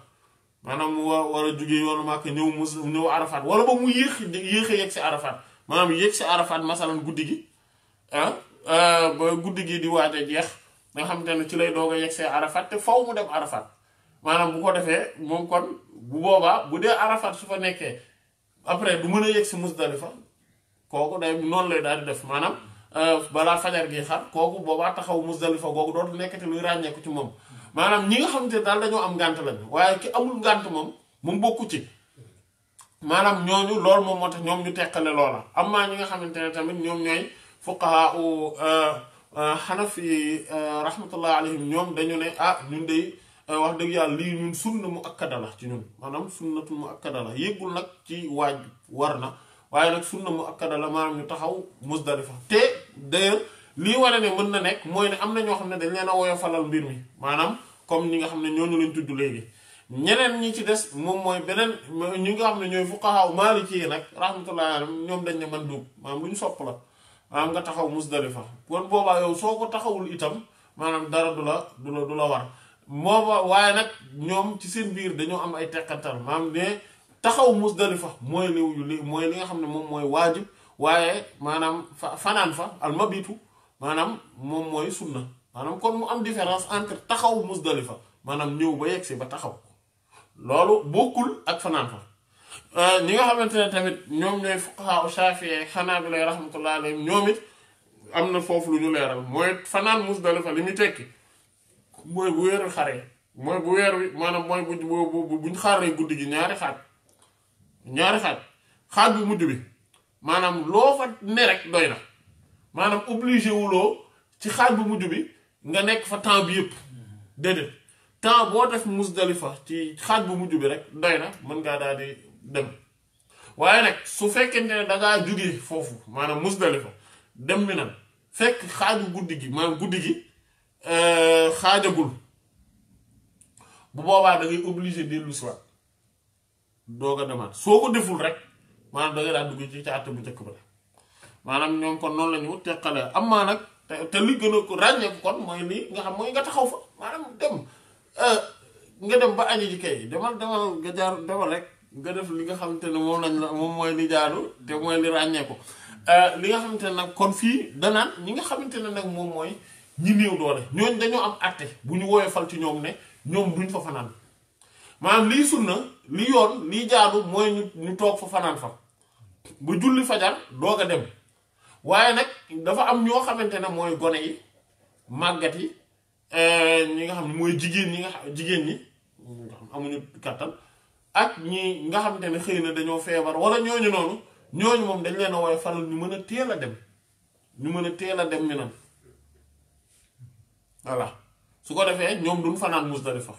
maanaam mu war a jóge yoonu màkk ñëw mus ñëw arafat wala ba mu yéex yéex a si arafat maanaam yéeg si arafat masalan guddi gi ah, ah ba guddi gi di waate jeex nga xam te ne ci lay doog a yegg see arafat te faw mu dem arafat maanaam bu ko defee moom kon bu boobaa bu dee arafat su fa nekkee après du mën a yegg si mus musdalifa kooku day noonu lay daal di def maanaam ah, balaa fajar gii xar kooku boobaa taxaw musdalifa kooku dootu nekkati luy ràññeeku ci moom maanaam ñi nga xamante ne daal dañoo am ngànt lañ waaye ki amul ngànt moom moom bokku ci maanaam ñooñu loolu moom moo tax ñoom ñu teqale loola am maa ñi nga xamante ne tamit ñoom ñooy fuqahaa u xanafi euh, euh, euh, rahmatullah alayhim ñoom dañu ne ah ñun day wax dëgg yàlla lii ñun sunna mu akkada la ci ñun maanaam sunnatu mu akkada la yëggul nag ci waaj war na waaye nag sunna mu akkada la maanaam ñu taxaw Musdalifa te d'ailleurs lii wane ne mën na nekk mooy ne am na ñoo xam ne dañ leen a woyofalal mbir mi maanaam comme ñi nga xam ne ñooñu lañ tudd léegi ñeneen ñi ci des moom mooy beneen ñi nga xam ne ñooy fuqahaa maaliki yi nag rahmatullahi ñoom dañ ne manduub maanaam lu ñu sopp la maanaam nga taxaw musdalifa kon boobaa yow soo ko taxawul itam maanaam dara du la du la war mooba waaye nag ñoom ci seen biir dañoo am ay teqantal maanaam ne taxaw musdalifa mooy li mooy li nga xam ne moom mooy waajib waaye maanaam fa fanaan fa almabitu maanaam moom mooy sunna manam kon mu am différence entre taxaw Musdalifa manam ñëw ba yexi ba taxaw lolu bokul ak fanan fa ñi nga xamantene ne tamit ñoom ñooy fuqahaa Shaafi'i Hanaabila rahmatullahi alayhim ñoom it am na foofu lu ñu leral moy fanan Musdalifa limi tekki moy bu weeru xaré moy bu weer manam moy bu buñ xaré guddi gi ñaari xat ñaari xat xat bu mudd bi manam lo fa ne rek doyna manam obligé wulo ci xat bu mudd bi nga nekk fa temps bi yëpp déedéet temps boo def Musdalifa ci xaaj bu mujj bi rek doy na mën ngaa daal dem waaye nag su fekkee ne da jugee foofu maanaam Musdalifa dem mi na fekk xaaju guddi gi maanaam guddi gi euh, xaajagul bu boobaa da ngay obligé dellu si waat doog a demaat soo ko deful rek maanaam da nga daal dugg ci caatu bu njëkk ba maanaam ñoom kon noonu la ñu am maa nag. te li gën a ko ràññeeku kon mooy lii nga xam mooy nga taxaw fa maanaam dem euh, nga dem ba añu ji kay demal demal nga jaar demal rek nga def li nga xamante ne moom lañ la moom mooy li jaadu te mooy li euh, li nga xamante ne nag kon fii danaan ñi nga xamante ne nag moom mooy ñi néew doole ñooñ dañoo am arte bu ñu woyofal ci ñoom ne ñoom duñ fa fanaan maa lii sunna li yoon lii jaadu mooy ñu ñu toog fa fanaan fa bu julli fajar doog a dem waaye nag dafa am ñoo xamante ne mooy gone yi màggat yi eh, ñi nga xam ne mooy jigéen ñi nga xam jigéen ñi nga amuñu kàttan ak ñi nga xam ne xëy na dañoo feebar wala ñooñu noonu ñooñu moom dañ leen a woowe faral ñu mën a teel a dem ñu mën a teel a dem ñu nan su ko defee ñoom duñ fanaan Musdalifa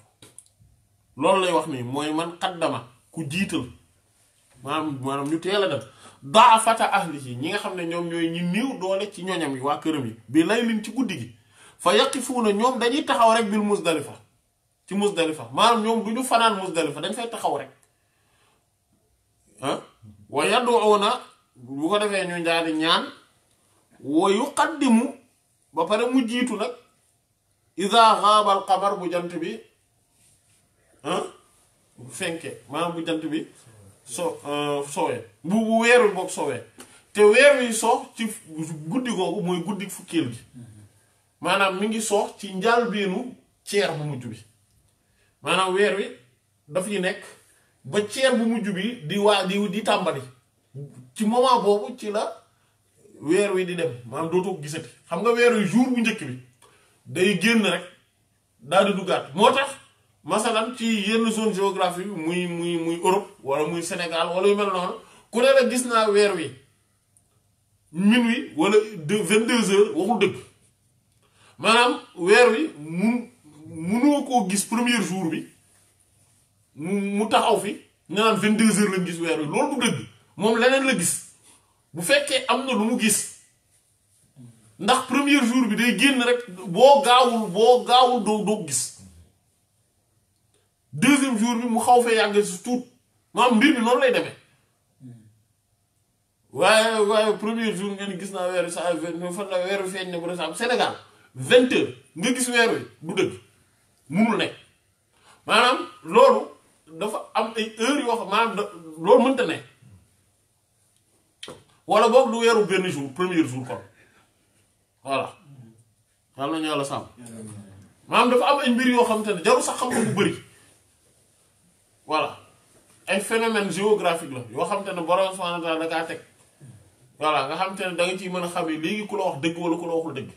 loolu lay wax nii mooy man xaddama ku jiital maanaam maanaam ñu teel a dem daafata ahlihi ñi nga xam ne ñoom ñooy ñi néew doole ci ñoñam yi waa këram yi bii lay lin ci guddi gi fa yaqifuuna ñoom dañuy taxaw rek bil musdalifa ci musdalifa maanaam ñoom du ñu fanaan musdalifa dañ fay taxaw rek ah wa yaduuna bu ko defee ñu njaari ñaan wa yuqaddimu ba pare mu jiitu nag iza xaaba al bu jant bi ah bu fenkee maanaam bu jant bi so uh, soowee bu bu weer soowee te weer wi soox ci guddi googu mooy guddi fukkeel gi maanaam mu ngi soox ci njàlbeenu ceer bu mujj bi maanaam weer wi daf yi nekk ba ceer bu mujj bi di waa di di tàmbali ci moment boobu ci la weer wi di dem maanaam dootoo gisati xam nga weer wi jour bu njëkk bi day génn rek daal di duggaat moo tax masalan ci yenn zone géographique muy muy muy Europe wala muy Sénégal wala yu mel noonu ku ne la gis naa weer wi minuit wala deux vingt deux heures waxul dëgg maanaam weer wi mun munoo koo gis premier jour bi mu mu taxaw fi nga naan vingt deux heures la gis weer wi loolu du dëgg moom leneen la gis bu fekkee am na lu mu gis. ndax première jour bi day génn rek boo gaawul boo gaawul doo doo gis deuxième jour bi mu xaw fee yàgg si tuut maanaam mbir bi noonu lay demee waaye waaye premier jour nga ni gis naa weeru saa weeru feeñ ne par exemple Sénégal vingt heures nga gis weer wi du munul nekk maanaam loolu dafa am ay heures yoo xam maanaam ne wala boog weeru benn jour premier jour kon voilà xam nañu yàlla sàmm maanaam dafa am ay mbir yoo xam ne jarul sax xam ko bu bëri. voilà ay phénomène géographique la yoo xam te ne borom subhaanahu wa taala teg voilà nga xam ne danga nga ciy mën a xamee léegi ku la wax dëgg wala ku la waxul dëgg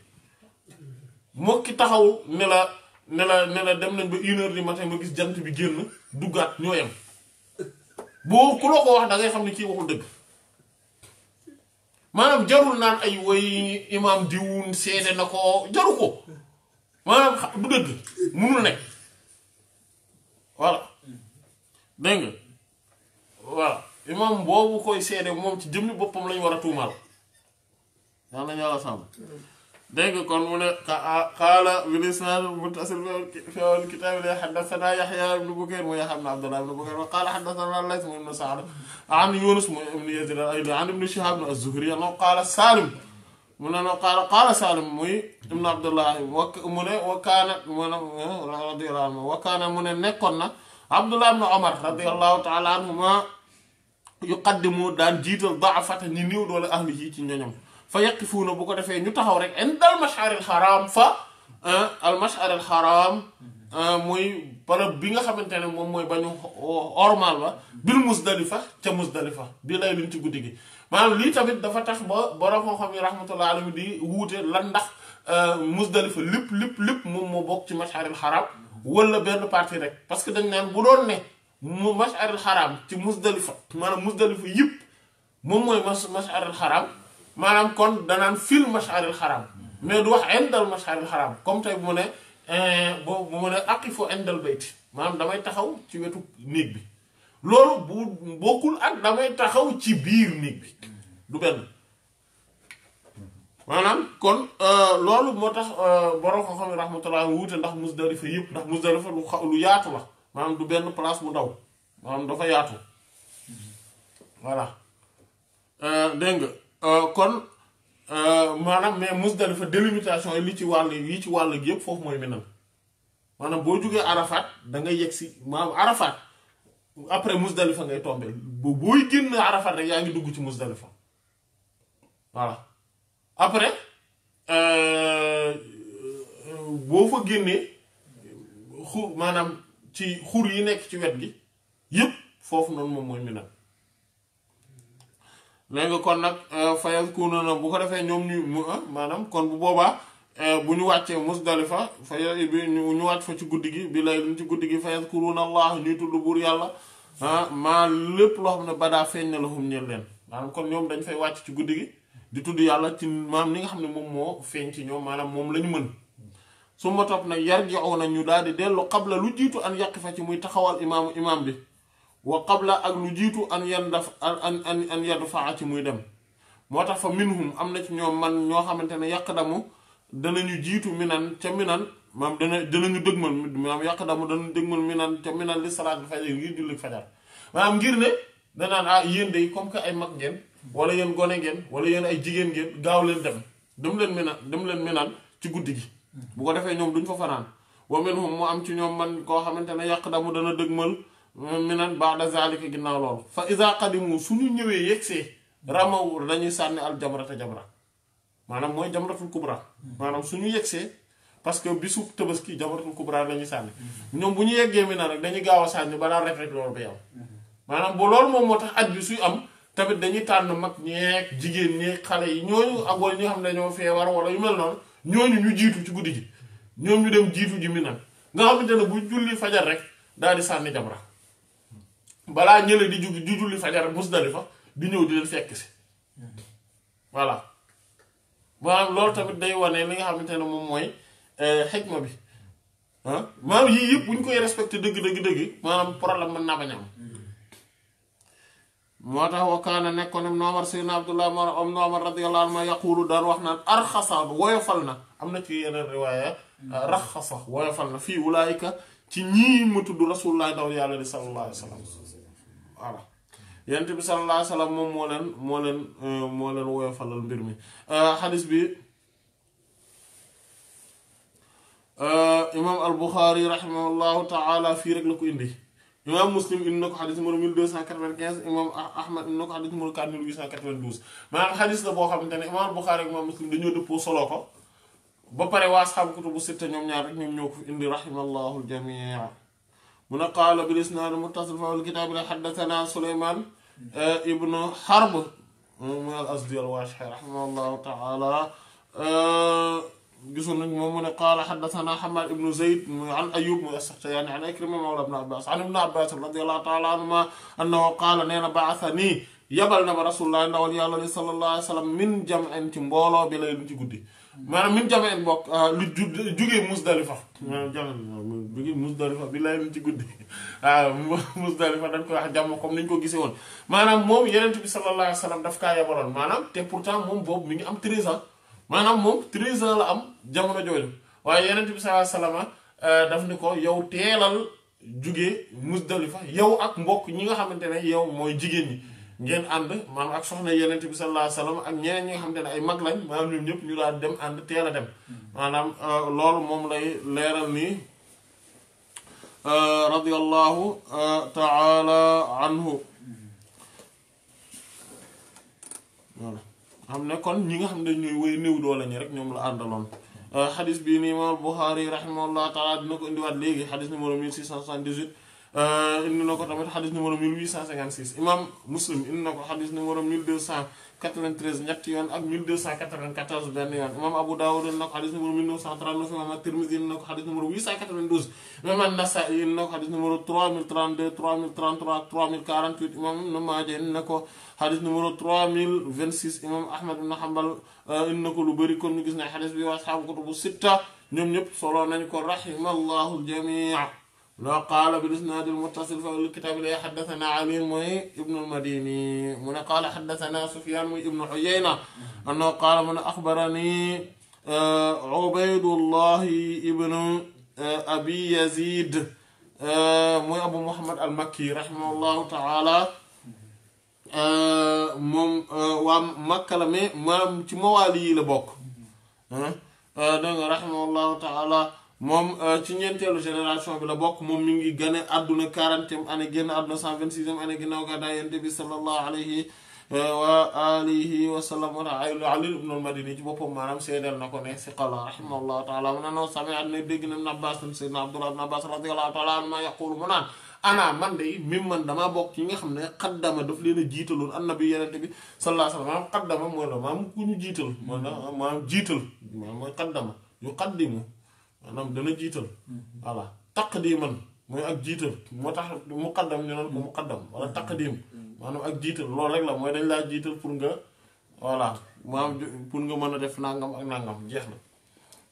ki taxaw ne la ne la ne la dem nañ ba uneur heure du matin ma gis jant bi génn duggaat ñoo yem boo ku la ko wax da xam ne kii waxul dëgg maanaam jarul naan ay woy imaam diwun seede na ko jaru ko maanaam du dëgg munul nekk voilà. dégg nga waaw imaam boobu koy seede moom ci jëmmi boppam lañu war a tuumaal yal nañu yàlla sàmm dégg kon mu ne qaala bil isnaad muttasil fil kitaab li xaddasanaa mu yaxya saalim mu ne muy ibnu abdullah mu ne wa kaana nekkoon na abdullah ibn omar radiallahu taala anhuma yuqaddimu daan jiital daafata ñi néew la ahli yi ci ñoñom fa yaqifuuna bu ko defee ñu taxaw rek ind al mashar al fa eh, al mashar al haram eh, muy bi nga xamante ne moom mooy bañu ormal ba bil musdalifa ca musdalifa bi lay luñ ci guddi gi maanaam lii tamit dafa tax ba borom moo xam yi rahmatullah alayhi di wuute lan ndax eh, musdalifa lépp lépp lépp moom moo bokk ci mashar al wala benn partie rek parce que dañ naan bu doon ne mu mash'aril xaraam ci musdalifa maanaam musdalifa yëpp moom mooy mas mash'aril xaraam maanaam kon danaan fil mash'aril xaraam mais du wax indal mash'aril xaraam comme tey bu mu ne boo eh, bu mu ne aqifu indal bayt maanaam damay taxaw ci wetu néeg bi loolu bu bokkul ak damay taxaw ci biir néeg bi du benn manam kon euh, loolu motax tax euh, borom xam rahmatullah wute ndax Muzdalifa yep ndax Muzdalifa lu xa lu yaatu la manam du benn place mu ndaw manam dafa yaatu voilà euh, dégg nga kon manam mais Muzdalifa délimitation yi li ci wàll yi ci wàll yep fofu moy minam manam bo joge Arafat da ngay yegg manam Arafat après Muzdalifa ngay bo boy guen Arafat rek yaangi dugg ci voilà. après euh, boo fa génnee xur maanaam ci xur yi nekk ci wet gi yépp foofu noonu moom mooy Mina léegi kon nag euh, fayas kuuna noonu bu ko defee ñoom ñu ah, maanaam kon bu boobaa euh, bu ñu wàccee Musdalifa faya bi ñu wàcc fa ci guddi gi bi lay luñ ci guddi gi ku kuruuna allah ñuy tudd buur yàlla ah, maa lépp loo xam ne badaa feeñ na la xum ñeel leen maanaam kon ñoom dañ fay wàcc ci guddi gi di tudd yàlla ci maam li nga xam ne moom moo feeñ ci ñoom maanaam moom la ñu mën su ma na nag yar joxoon na ñu daal di dellu xabla lu jiitu an yàq fa ci muy taxawal imaamu imaam bi wa xabla ak lu jiitu an yan daf a an an yadu faa ci muy dem moo tax fa minhum am na ci ñoom man ñoo xamante ne yàq damu danañu jiitu minan ca minan maam dana danañu dëgmal maam yàq damu danañu dëgmal minan ca minan li salaat bi fajar ngir julli fajar maanaam ngir ne danaan ah yéen de comme que ay mag ngeen. wala yéen gone ngeen wala yéen ay jigéen ngeen gaaw leen dem dem leen Mina dem leen Mina ci guddi gi bu ko defee ñoom duñ fa fanaan wa minhum mu am ci ñoom man koo xamante ne yàq damu dana dëgmal minan ba'da zalika ginnaaw loolu fa iza qadimu suñu ñëwee yegsee ramaw dañuy sànni al jamrata jamra maanaam mooy jamratul kubra maanaam suñu yegsee parce que bisu tabaski jamratul kubra dañuy sànni ñoom bu ñu yeggee Mina nag dañuy gaaw a sànni balaa rek rek loolu ba yow maanaam bu loolu moom bi suy am tamit dañuy tànn mag ñeeg jigéen ñeeg xale yi ñooñu ak wala ñi nga xam ne ñoo feebar wala yu mel noonu ñooñu ñu jiitu ci guddi ji ñoom ñu dem jiitu ji mi nag nga xamante ne bu julli fajar rek daal di sànni jamra balaa ñële di ju di julli fajar Musdalifa di ñëw di leen fekk si voilà maanaam loolu tamit day wane li nga xamante ne moom mooy eh, xikma bi ah maanaam yii yëpp bu ñu koy respecté dëgg dëgg dëgg maanaam problème mën naa موته وكان نكون نومر سيدنا عبد الله مر ام نومر رضي الله عنه يقول دار وحنا ارخص ويفلنا امنا في ين الروايه رخص ويفلنا في اولئك تي ني متد رسول الله دار يالا صلى الله عليه وسلم والا ينتبي صلى الله عليه وسلم مولن مولن مولن ويفل البرمي حديث بي امام البخاري رحمه الله تعالى في رجلك اندي imam muslim indi na ko xadis numéro 1295 imam ahmad indi na ko xadis numéro 4892 maanaam xadis la boo xamante ne imam buxaari ak imam muslim dañoo dëppoo solo ko ba pare waa asxaabu kutubu sitta ñoom ñaar rek ñoom ñoo ko fi indi rahimallahu aljamia mu ne qaala bil isnaad muttasil fa wal kitaab la xaddathana suleyman eh, ibnu harb min al asdi al waashiqi rahimallahu taala eh, gisul nañ moom mu ne qaala xaddasanaa Hammaad ibnu Zayd mu an Ayyuub mu as-Saxtiyaani an Ikrima mawlaa ibnu Abbaas an ibnu taalaa anhumaa annahu qaala nee na ba'asanii yabal na ma rasuulullaahi ndawal yàlla li sallallaahu alayhi wa sallam min jam'in ci mbooloo bi lay ci guddi. maanaam min jam'in bokk ah, lu jugee Muzdalifa maanaam jam'in jugee Muzdalifa bi lay ci guddi waaw ah, Muzdalifa dañ koy wax jàmm comme ni ñu ko gisee woon. maanaam moom Yonent bi sallallaahu alayhi wa sallam daf kaa yabaloon maanaam te pourtant moom boobu mi ngi am 13 ans. manam mom treize ans la am jamono jojo way yeneen bi sallallahu alayhi wasallam sallam euh, daf ni ko yow telal jugee Musdalifa yow ak mbok ñi nga xamantene yow moy jigen ni ngeen and man ak soxna yeneen bi sallallahu alayhi wasallam ak ñeneen ñi nga ay mag lañ ñu dem dem euh, euh, taala anhu voilà xam ne kon ñi nga xam ne ñooy woy néew doole ñi rek ñoom la àndaloon euh, xadis bi ni imaam Buxaari rahimahullah taala dina ko indiwaat léegi xadis numéro 1678 Euh, indi na ko tamit xadis numéro 1856 imam muslim indi na ko xadis numéro 1293 ñetti yoon ak 1294 benn yoon imam Abu Dawud indi na ko xadis numéro 1939 imam At-Tirmidhi indi na ko xadis numéro 892 imam An-Nasa'i indi na ko xadis numéro 3032 3033 3048 imam Ibn Maaja indi na ko xadis numéro 3026 imam Ahmad ibn Hanbal euh, indi na ko lu bëri kon ñu gis ne xadis bi waa asxaabu kutubu sitta ñoom ñëpp solo nañ ko rahimallahu al-jamii قال بالاسناد المتصل فقال الكتاب الذي حدثنا علي ابن المديني من قال حدثنا سفيان ابن حيينة أنه قال من أخبرني آه، عبيد الله ابن آه، أبي يزيد آه، مو أبو محمد المكي رحمه الله تعالى مم ومكة لم تموالي لبوك رحمه الله تعالى moom euh, ci ñeenteelu génération bi la bokk moom mi ngi gane àdduna quarantième année génn àdduna cent vingt-sixième année ginnaaw gàddaay yonent bi sallallahu euh, na ko ne siqa la rahimahullahu taala mu ne noon sami'at ne dégg na ibn Abbas sayyidina man de mim man damaa yi nga xam ne xaddama daf leen a jiitaloon annabi yenente bi sallallahu alayhi wa sallam maanaam mooy la maam ku ñu jiital moo la maanaam jiital maanaam mooy xaddama yu xaddimu manam dana jital wala taqdiman moy ak jital motax muqaddam ñu non ko muqaddam wala taqdim manam ak jital lool rek la moy dañ la jital pour nga wala manam pour nga mëna def nangam ak nangam jeex na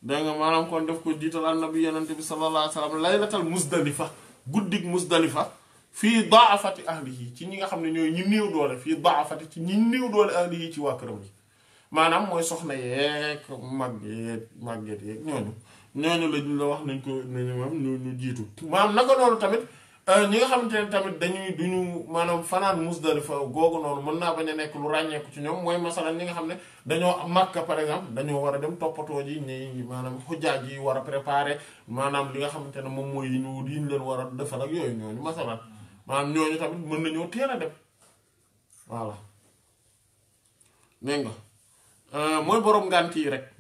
dégg nga manam kon def ko jiital annabi yenente bi sallallahu alayhi wasallam laylatul musdalifa guddig musdalifa fii daafati ahlihi ci ñi nga xamne ñoy ñi neew doole fi daafati ci ñi neew doole ahlihi ci wa këram manam moy soxna yeeg magge magge yeeg ñoo ñooñu lañ la wax nañ ko nañu maam ñu ñu jiitu maam naka noonu tamit euh, ñi nga xamante ne tamit dañuy duñu maanaam fanaan Musdalifa googu noonu mën naa bañ a nekk lu ràññeeku ci ñoom mooy masalan ñi nga xam ne dañoo Makka par exemple dañoo war a dem toppatoo ji ñi maanaam xujjaaj yi war a préparer maanaam li nga xamante ne moom mooy yi ñu yi ñu leen war a defal ak yooyu ñooñu masalan maanaam ñooñu tamit mën nañoo teel a dem voilà euh, mooy borom ngànt yi rek.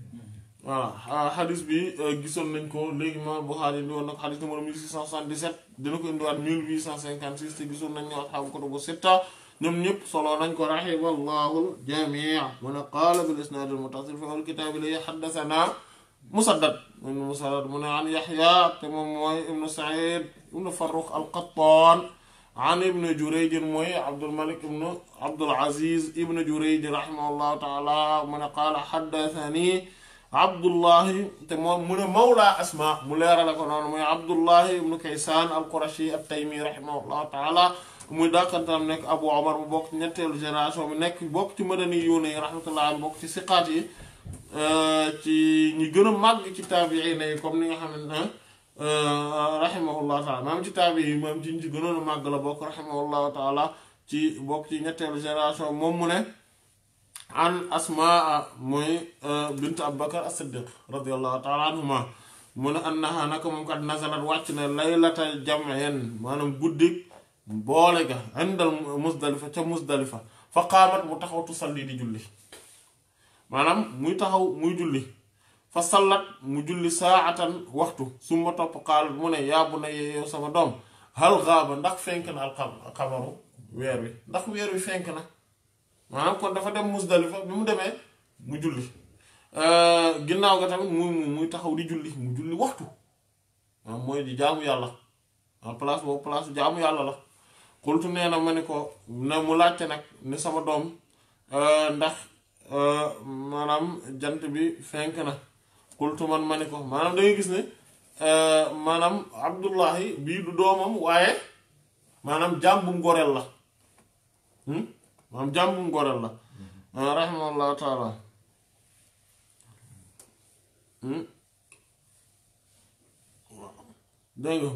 voilà hadith bi gisoon nagn ko legui ma bukhari di woon nag xadis numéro 1677 dina ko indi wat 1856 te nagn wax ne ko do sitta ñom ñep solo nagn ko rahimallahu jamii mu ne qaala bil al mutasil fi al kitab li xaddasana musaddad mun musaddad mun an yahya te mom moy ibnu said ibn farrux al qattan an ibnu jurayj moy abdul malik ibn abdul aziz ibnu jurayj rahimahullahu taala mun qala qaala عبد الله من مولى اسماء مولارا لكون مولى عبد الله بن كيسان القرشي التيمي رحمه الله تعالى مولى داكن تام نيك ابو عمر بوك نيتل جينيراسيون مي نيك بوك تي مدني يوني رحمه الله بوك تي ثقات يي ا آه، تي ني غن ماغ تي تابعين كوم نيغا خامن ا آه، رحمه الله تعالى مام تي تابعي مام تي ني غنون ماغ لا بوك رحمه الله تعالى تي بوك تي نيتل جينيراسيون موم مو an asmaa muy bint abubakar as-siddiq radiallahu taala anhuma mu ne annaha naka moom kat nazalat wàcc na laylata jam'in maanaam guddi boole ga indal musdalifa ca musdalifa fa qaamat mu taxaw tusalli di julli maanaam muy taxaw muy julli fa sallat mu julli saatan waxtu suma topp xaalat mu ne yaabu na yow sama doom hal gaaba ndax fenk na al xabaru weer wi ndax weer wi fenk na maanaam kon dafa dem Musdalifa bi mu demee mu julli euh, ginnaaw ga tamit muy muy taxaw di julli mu julli waxtu maanaam mooy di jaamu yàlla waaw place boobu place jaamu yàlla la xultu nee na ma ne ko ne mu laajte nag ne sama doom euh, ndax euh, maanaam jant bi fenk na xultu man ma ne ko maanaam da gis ne maanaam Abdullahi bii du doomam waaye maanaam jaam bu mu goreel la hmm? maanaam jàmbum goreel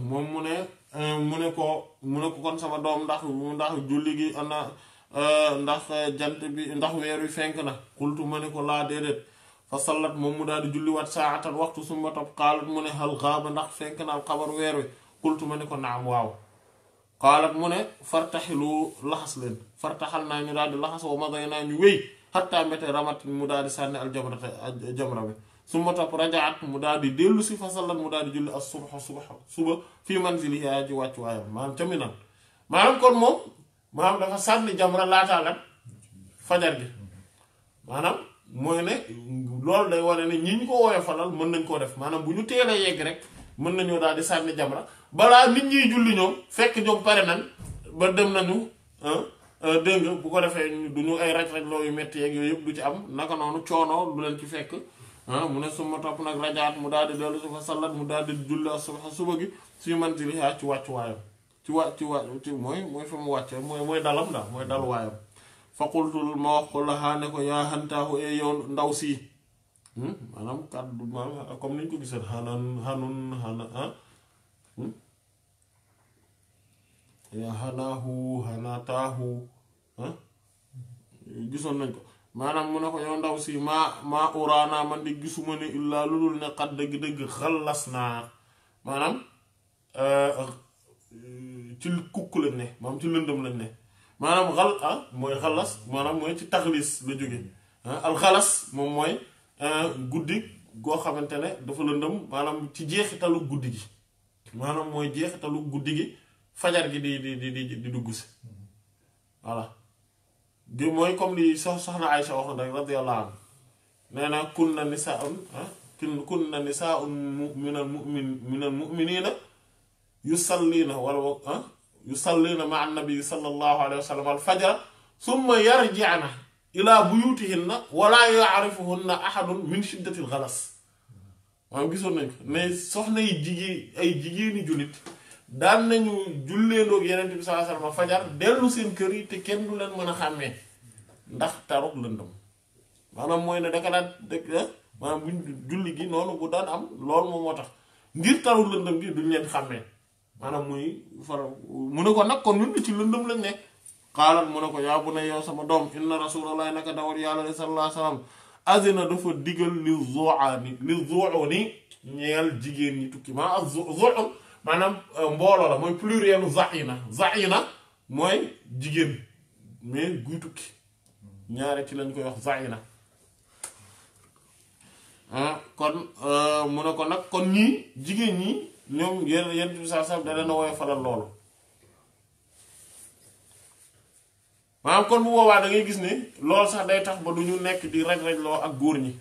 moom mu ne eh, mu ne ko mu ne ko kon sama doom ndax ndax julli gi ana eh, ndax jant bi ndax weer wi fenk na xultu ma ne ko laa déedéet fa sallat moom mu daal di julliwaat saatan waxtu suma topp xaalat mu ne hal gaaba ndax fenk na xabar weer wi xultu ma ne ko naam waaw xaalat mu ne fartaxilu laxas leen fartaxal naa ñu daal di laxas wa naa ñu wéy xattaa mbéte ramat mu daal di sànni al jamrata jamra bi su ma topp rajaat mu daal di dellu si fasalan mu daal di julli as subax subax suba fii manzilihi ci wàccu waayam maanaam ca Minan maanaam kon moom maanaam dafa sànni jamra laataa lan fajar gi maanaam mooy ne loolu day wane ne ñi ñu ko woowee falal mën nañ koo def maanaam bu ñu teelee yegg rek mën nañoo daal di sànni jamra balaa nit ñiy julli ñoom fekk ñoom pare nan ba dem nañu Euh, dégg nga bu ko defee du ñu ay raj-raj loo yu métti yeeg yëpp du ci am naka noonu coono du leen ci fekk ah, mu ne suma topp nag rajaat mu daal di dellu su fa sallat mu daal di julli suba suba gi suñu mantili aa ci wàccuwaayam ci wà ci wà ci mooy mooy fa mu wàcce mooy mooy dalam daal mooy daluwaayam fa qultul ma wax ko laxaa ne ko yaa xantaaxu e yow ndaw sii hmm? maanaam kàddu maanaam comme niñ ko gisal xanan xanun xana ah hmm? ya hanahu hanatahu ah gisone nango ko munako yo ndaw si ma ma urana man di gisuma ni illa lulul mana? ne qad deug deug khalasna manam euh ci kukk lañ ne manam ci mana lañ ne manam xal ah moy khalas manam moy ci gudik la ah, al khalas mom moy euh goo go xamantene dafa lendum manam ci jeexitalu gi manam moy jeexitalu gi fajar gi di di dugg si voilà di mooy comme li soxna sox wax na rek radiyallahu anha nee na kun na nisaun kun na nisaun minal wa ay jigéeni jullit daan nañu julleendoog yeneen bi sallallahu alayhi wasallam fajar dellu seen kër yi te kenn du leen mën a xàmmee ndax taruk lëndëm maanaam mooy ne daka daan dëkk ah, maanaam buñ julli gi noonu bu daan am loolu moom moo tax ngir taruk lëndëm gi duñ leen xàmmee maanaam muy faral mu ne ko nag kon ñun ci lëndëm lañ nekk xaaral mu ne ko yaa bu ne sama doom inna rasulallah naka dawal yàlla de sallallahu alayhi wasallam azina dafa digal li zuwaani li zuwaani jigéen ñi tukki maanaam ak maanaam euh, mbooloo la mooy yi na plurielu yi zaina mooy jigéen mais guy tukki ñaare ci lañ koy wax na ah, kon euh, mu ne ko nag kon ñii jigéen ñi ñoom yenn yenn bi sax sax da leen a woy falal loolu maanaam kon bu boobaa da ngay gis ne loolu sax day tax ba du ñu nekk di raj-raj loo ak góor ñi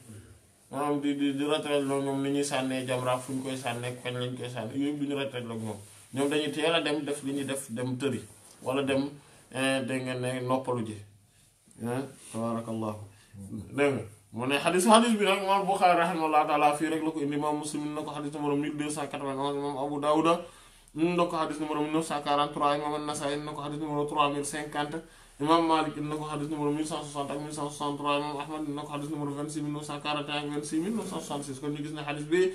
manam di di di retraite lo ñoom ni ñuy sànnee jam ra fuñ koy sànnee fañ lañ koy sànne yoy du ñu retraite lo ñoom ñom dañuy teel dem def li ñuy def dem teuri wala dem de nga né noppalu ji eh, tabarakallahu dégg dem mo né hadith hadith bi nak mo bukhari rahimahullah taala fi rek lako indi imaam Muslim nako hadith xadis numéro 1291 imaam Abu dauda na hadith numéro 943 imaam An-Nasaa'i na numéro 3050 imam Malik dina ko xadis numéro 1160 ak imam Ahmad dina ko xadis numéro 26941 ak 26966 kon ñu gis ne xadis bi eh,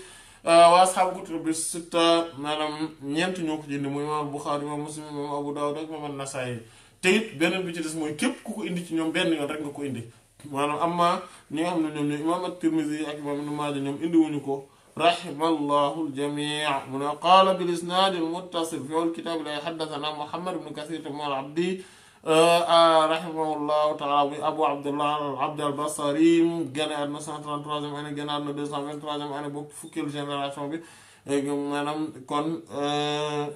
waa asxaabu hadis bi sitta maanaam ñeent ñoo ko jënd muy imam Buxaari Abu Dawud ak imam Nasaayi te it beneen bi ci des mooy képp ku ko indi ci ñoom benn yoon rek indi amma imam at-Tirmidhi ak imam Ibn Maaja ñoom indi wuñu ko rahimallahu al-jamii' mu ne qaala bil Muhammad ibn Kasiir ibn al-Abdi Euh, euh, rahimahullahu taala muy Abu Abdullah Abd al-Basri génn àdduna 133e année génn àdduna 223e année bokk fukkeel génération bi maanaam kon euh,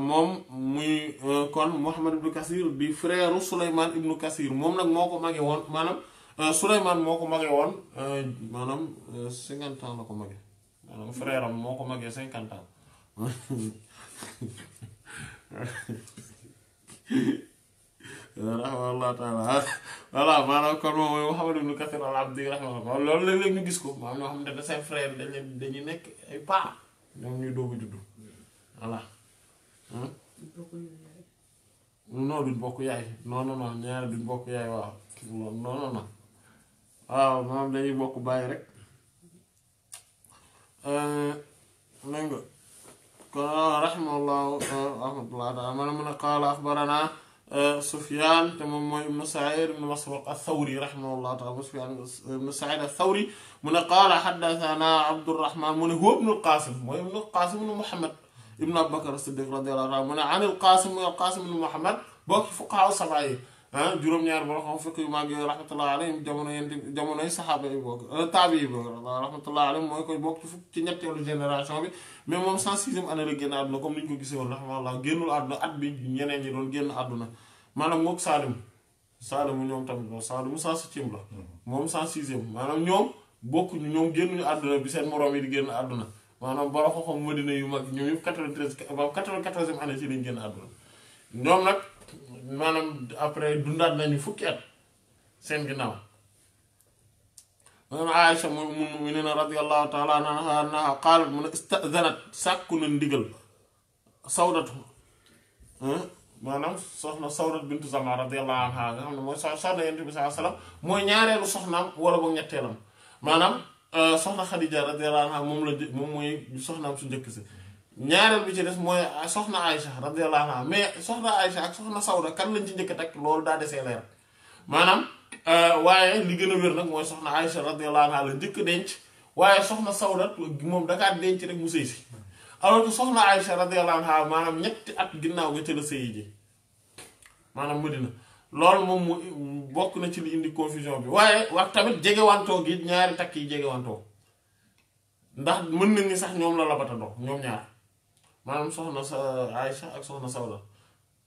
moom muy kon Muhammad ibnu Kasir di frère Souleymane ibnu Kasir moom nag moo ko mage woon maanaam Souleymane moo ans la ko mage maanaam frère moo ko mage 50 ans. raxmatullaahi taala voilà maanaam kon moom mooy xam ne seen frère dañ leen dañuy nekk ay paa ñoom ñuy doog a juddu voilà. Hmm? non duñ bokk yaay non non non ñaari duñ bokk yaay waaw non non non waaw maanaam dañuy bokk bàyyi rek. Euh, قال رحمه الله رحمه الله تعالى من قال أخبرنا آه، سفيان تمام ابن سعيد مسروق الثوري رحمه الله تعالى سفيان بن سعيد الثوري من قال حدثنا عبد الرحمن من هو ابن القاسم ابن القاسم بن محمد ابن ابي بكر الصديق رضي الله عنه من عن القاسم القاسم بن محمد بوك فقهاء السبعه ah juróom-ñaar ba xam fekk yu mag yooyu rahmatullah alayhim jamono yent jamonoy saxaaba yi bokk euh, taabi yi bokk rahmatullah alayhim mooy koy bokk ci fukk ci ñetteelu génération bi mais moom cent sixième année bi ñeneen ñi doon génn àdduna maanaam moom ñoom bokkuñu ñoom génnuñu àdduna bi seen moroom yi di génn àdduna maanaam boro xoxom madina yu mag ñoom yëpp quatre-vingt-treize ba quatre-vingt-quatorzième année ci lañ génn àdduna ñoom nag maanaam après dundaat nañu fukki at seen ginnaaw maanaam Aïcha mu mu ne na radiyallahu taala anha anha qaalat mu ne istadanat sàkku na ndigal sawdatu maanaam soxna sawdat bintu Zama radiyallahu anha nga xam ne mooy soxna yonent bi sallallahu alayhi wasallam mooy ñaareelu soxnaam wala boog ñetteelam maanaam euh, soxna Xadija radiyallahu anha moom la moom mooy soxnaam su njëkk si ñaareel bi ci des mooy soxna Aïcha radiyallahu anha mais soxna Aïcha ak soxna Sawda kan lañ ci njëkk a loolu daa desee leer maanaam euh, waaye li gën a wér nag mooy soxna Aïcha radiyallahu anha la njëkk denc waaye soxna Sawda moom da kaa denc rek mu sëy si alors que soxna Aïcha radiyallahu anha maanaam ñetti at ginnaaw nga la sëy ji maanaam Madina loolu moom mu bokk na ci li indi confusion bi waaye wax tamit jegewantoo gi ñaari takk yi jegewantoo mën nañ ni sax ñoom la labatandoo ñoom ñaar maanaam soxna sa Aïcha ak soxna Sawda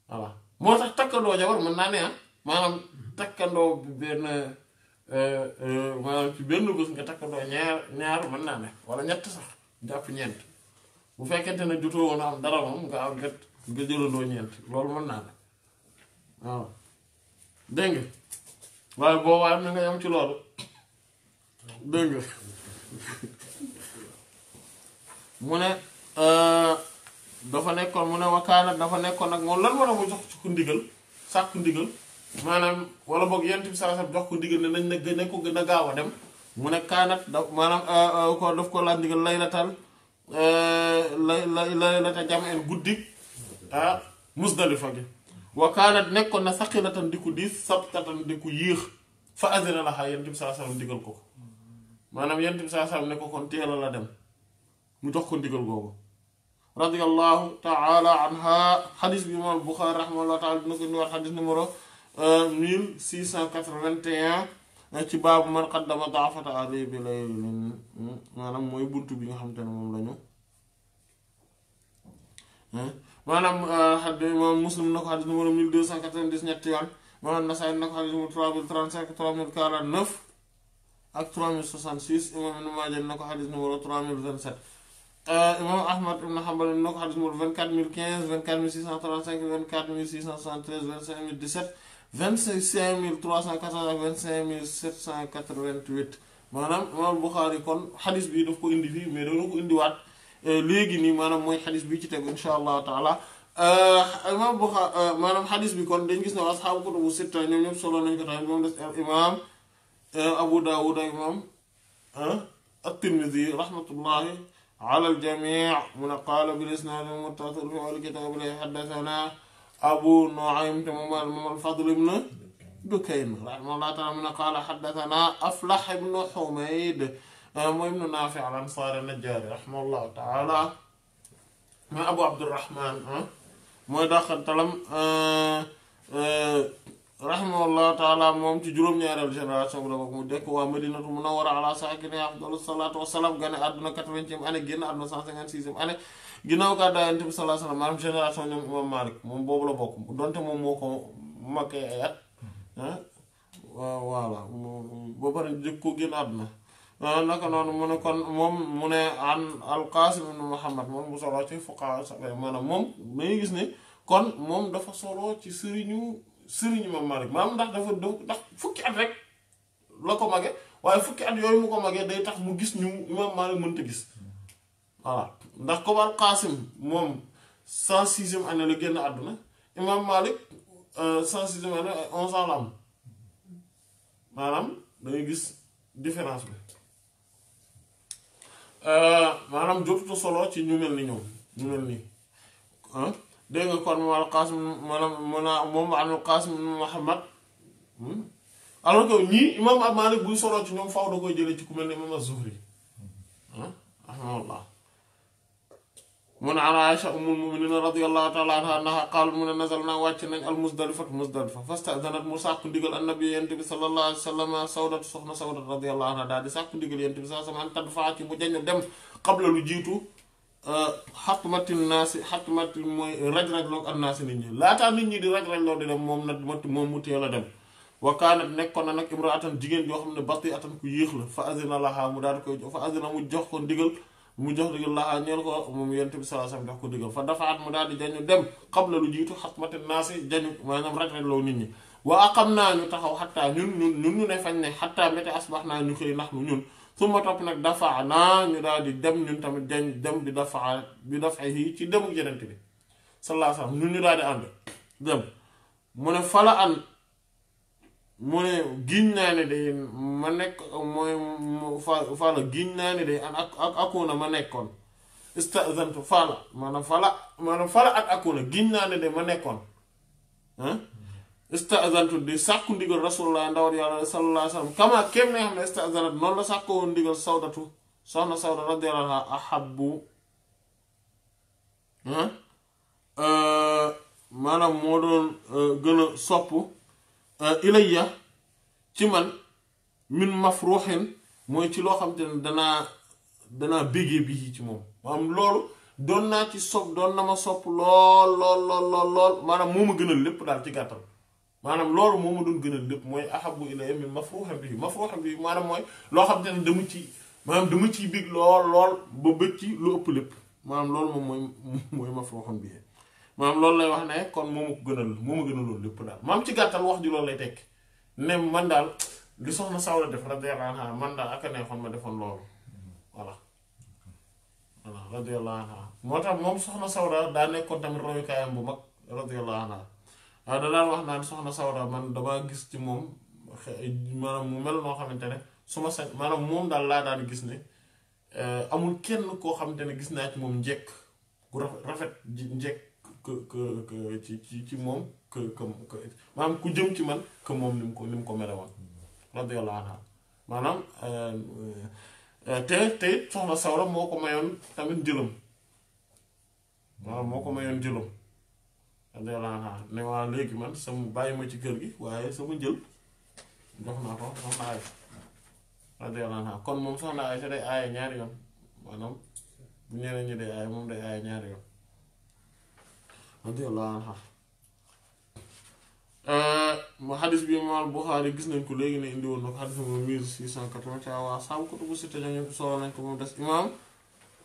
voilà moo tax takkandoo jabar mën naa ne ah maanaam takkandoo bu benn euh, euh, maanaam ci benn bés nga takkandoo ñaar ñaar mën naa ne wala ñett sax jàpp ñeent bu fekkente ne jotoo woon am dara moom nga am nga nga jëlandoo ñeent loolu mën naa ne waaw dégg waaye boo waaye na nga yam ci loolu dégg mu ne euh, dafa nekkoon mu ne wakaana dafa nekkoon nag moom lan war a mu jox ko ndigal sàkku ndigal maanaam wala boog yent bi sarasam jox ko ndigal ne nañ ko gën a gaaw a dem mu ne kaanat da maanaam euh, euh, ko daf ko laaj ndigal la tal euh, lay lay la ta jam en guddik ah musdalifa gi wa nekkoon na saqilatan di ko diis sabtatan fa azina laxaa yent bi sarasam ndigal ko ko maanaam yent bi sarasam ne la dem mu jox ko ndigal googu radiyallahu taala anha xadis bi imaam Buxaari rahimahullahu taala dina ko indiwaat xadis numéro 1681 ci baabu man qaddama daafata ali bi laylin maanaam mooy bunt bi nga xam te ne moom lañu maanaam xaddi imaam Muslim na ko xadis numéro 1290 ñetti yoon maanaam Nasaay na ko xadis numéro 3035 3049 ak 3066 imaam Ibn Maaja na ko xadis numéro 3027 imam Ahmad ibn Hanbal na ko xadis numéro 24015 24635 24673 25017 25380 25788 maanaam imam Buxaari kon xadis bi daf ko indi fii mais dana ko indiwaat léegi nii maanaam mooy xadis bi ci tegu insha allahu taala imam Buxaari maanaam xadis bi kon dañ gis ne asxaabu kutubu sitta ñoom ñëpp solo nañ ko tamit moom des imam Abu Daawud ak imam at-Tirmidhi rahmatullahi على الجميع من قال بالإسناد المتصل في الكتاب اللي حدثنا أبو نعيم تمام الفضل بن دكين رحمه الله تعالى من قال حدثنا أفلح بن حميد آه، مهم نافع الأنصار النجاري رحمه الله تعالى ما أبو عبد الرحمن mooy آه، تلم آه، rahimahullahu taala moom ci juróom-ñaareel génération bi la bokk mu dekk waa madinatu munawwara ala saakinihaa afdalu salaatu wasalaam gane àdduna 80e génn àdduna 156e année ginnaaw gàddaay bi sallallahu alayhi wa sallam moom boobu la bokk donte moom moo ko makkee ay ah, ba pare jëkk ko ah, mu ne moom mu ne an al-Qaasim ibn Muhammad moom bu solo ci fuqahaa maanaam moom dañuy gis ne kon moom dafa solo ci sëriñu sëriñ Imam Malik maam ndax dafa ndax fukki at rek la ko mage waaye fukki at yooyu mu ko magee day tax mu gis ñu Imam Malik mënta gis waaw ndax comme al moom cent sixième année la génn àdduna Imam Malik euh, cent sixième année ay onze am maanaam dangay gis différence bi euh, maanaam jotutu solo ci ñu mel ni ñoom ñu mel nii dégg nga kon moom alqaasim maanaam maanaam moom alqaasim muhammad hmm? alors que ñii imam ab Maalik buy soloo ci ñoom faw da koy jëlee ci ku mel ne imam az-Zuhri hmm? rahimahullah mun an Aïcha ummul muminina radiyallahu taala anha annaha qaalat mun nazal naa wàcc nañ al muzdalifa muzdalifa fastadanat mu sàkku ndigal annabi yent bi sallallahu alayhi wa sallam sawdat sawdat radiyallahu anha daal di sàkku ndigal yent bi sallallahu alayhi wa sallam ci xatmatil naasi xatmatil mooy raj-raj loog an naasi nit ñi laataa nit ñi di raj-raj loog di moom nag moom mu teel a dem wakaanat nekkoon na nag imraatan jigéen yoo xam ne bati atan ku yéex la fa azina laha mu daal koy fa azina mu jox ko ndigal mu jox ndigal laha ñeel ko moom yonent bi sallallahu jox ko ndigal fa dafaat mu daal di jañu dem qabla lu jiitu xatmatil naasi jañu maanaam raj-raj loog nit ñi wa aqam naa ñu taxaw xattaa ñun ñun ñun ñu ne fañ ne xattaa mete asbax naa ñu xëy ndax mu ñun su ma topp nag dafa naa ñu daal di dem ñun tamit dañ dem di dafa bi dafa yi ci dem yenent bi sallallahu alayhi wasallam ñun ñu daal di ànd dem mu ne fala an mu ne giñ naa ne day ma nekk mooy fala giñ naa ne day an ak ak akuna ma nekkoon istazantu fala maanaam fala maanaam fala ak akuna giñ naa ne day ma nekkoon istazantu di sàkku ndigal rasulullah ndawal yàlla sallallahu alayhi wa sallam na nga xam ne istazanat noonu la sàkkoo ndigal sawdatu soxna sawda radiyallahu anha ahabbu maanaam moo doon gën a sopp ilayya ci man min mafruxin mooy ci loo xam te ne danaa danaa bégee bi ci moom maanaam loolu doon naa ci sopp doon na ma sopp lool lool lool maanaam moo ma gën a lépp daal ci gàttal maanaam loolu moo ma doon gënal lépp mooy ahabu ilayya min mafruham bihi mafruham bihi maanaam mooy loo xam te ne dama ci maanaam dama ci bég lool lool ba bëcc lépp maanaam loolu moom mooy mooy mafruham bihi maanaam loolu lay wax kon moo ma ko gënal moo ma gënal lépp daal maam ci gàttal wax ji loolu lay tekk ne man daal li soxna Sawla def radiyallahu anha man daal ak a neexoon ma defoon loolu voilà voilà radiyallahu anha moo tax moom soxna Sawla daa nekkoon tamit royukaayam bu mag radiyallahu anha waaw ah, da daan wax naan soxna Sawda man damaa gis ci moom maanaam mu mel noo xamante ne su ma sañ moom daal laa daan gis ne eh, amul kenn koo xamante ne gis naa ci moom njekk ku rafet njekk que ci ci ci moom que que maanaam ku jëm ci man que moom ni mu ko ni mu ko mere woon maanaam eh, eh, te te soxna Sawda moo ko mayoon tamit njëlam maanaam moo ko mayoon njëlam radiyallahu anha ne waa léegi man sama bàyyi ma ci kër gi waaye sama njël jox naa ko soxna Aysa radiyallahu anha kon moom soxna Aysa day aaye ñaari yoon maanaam bu ñeneen ñi day aaye moom day aaye ñaari yoon radiyallahu anha ma xadis bi imaam Buxaari gis nañ ko léegi ne indi woon na ko xadis moom mille six cent quatre-vingts waa saabu solo nañ ko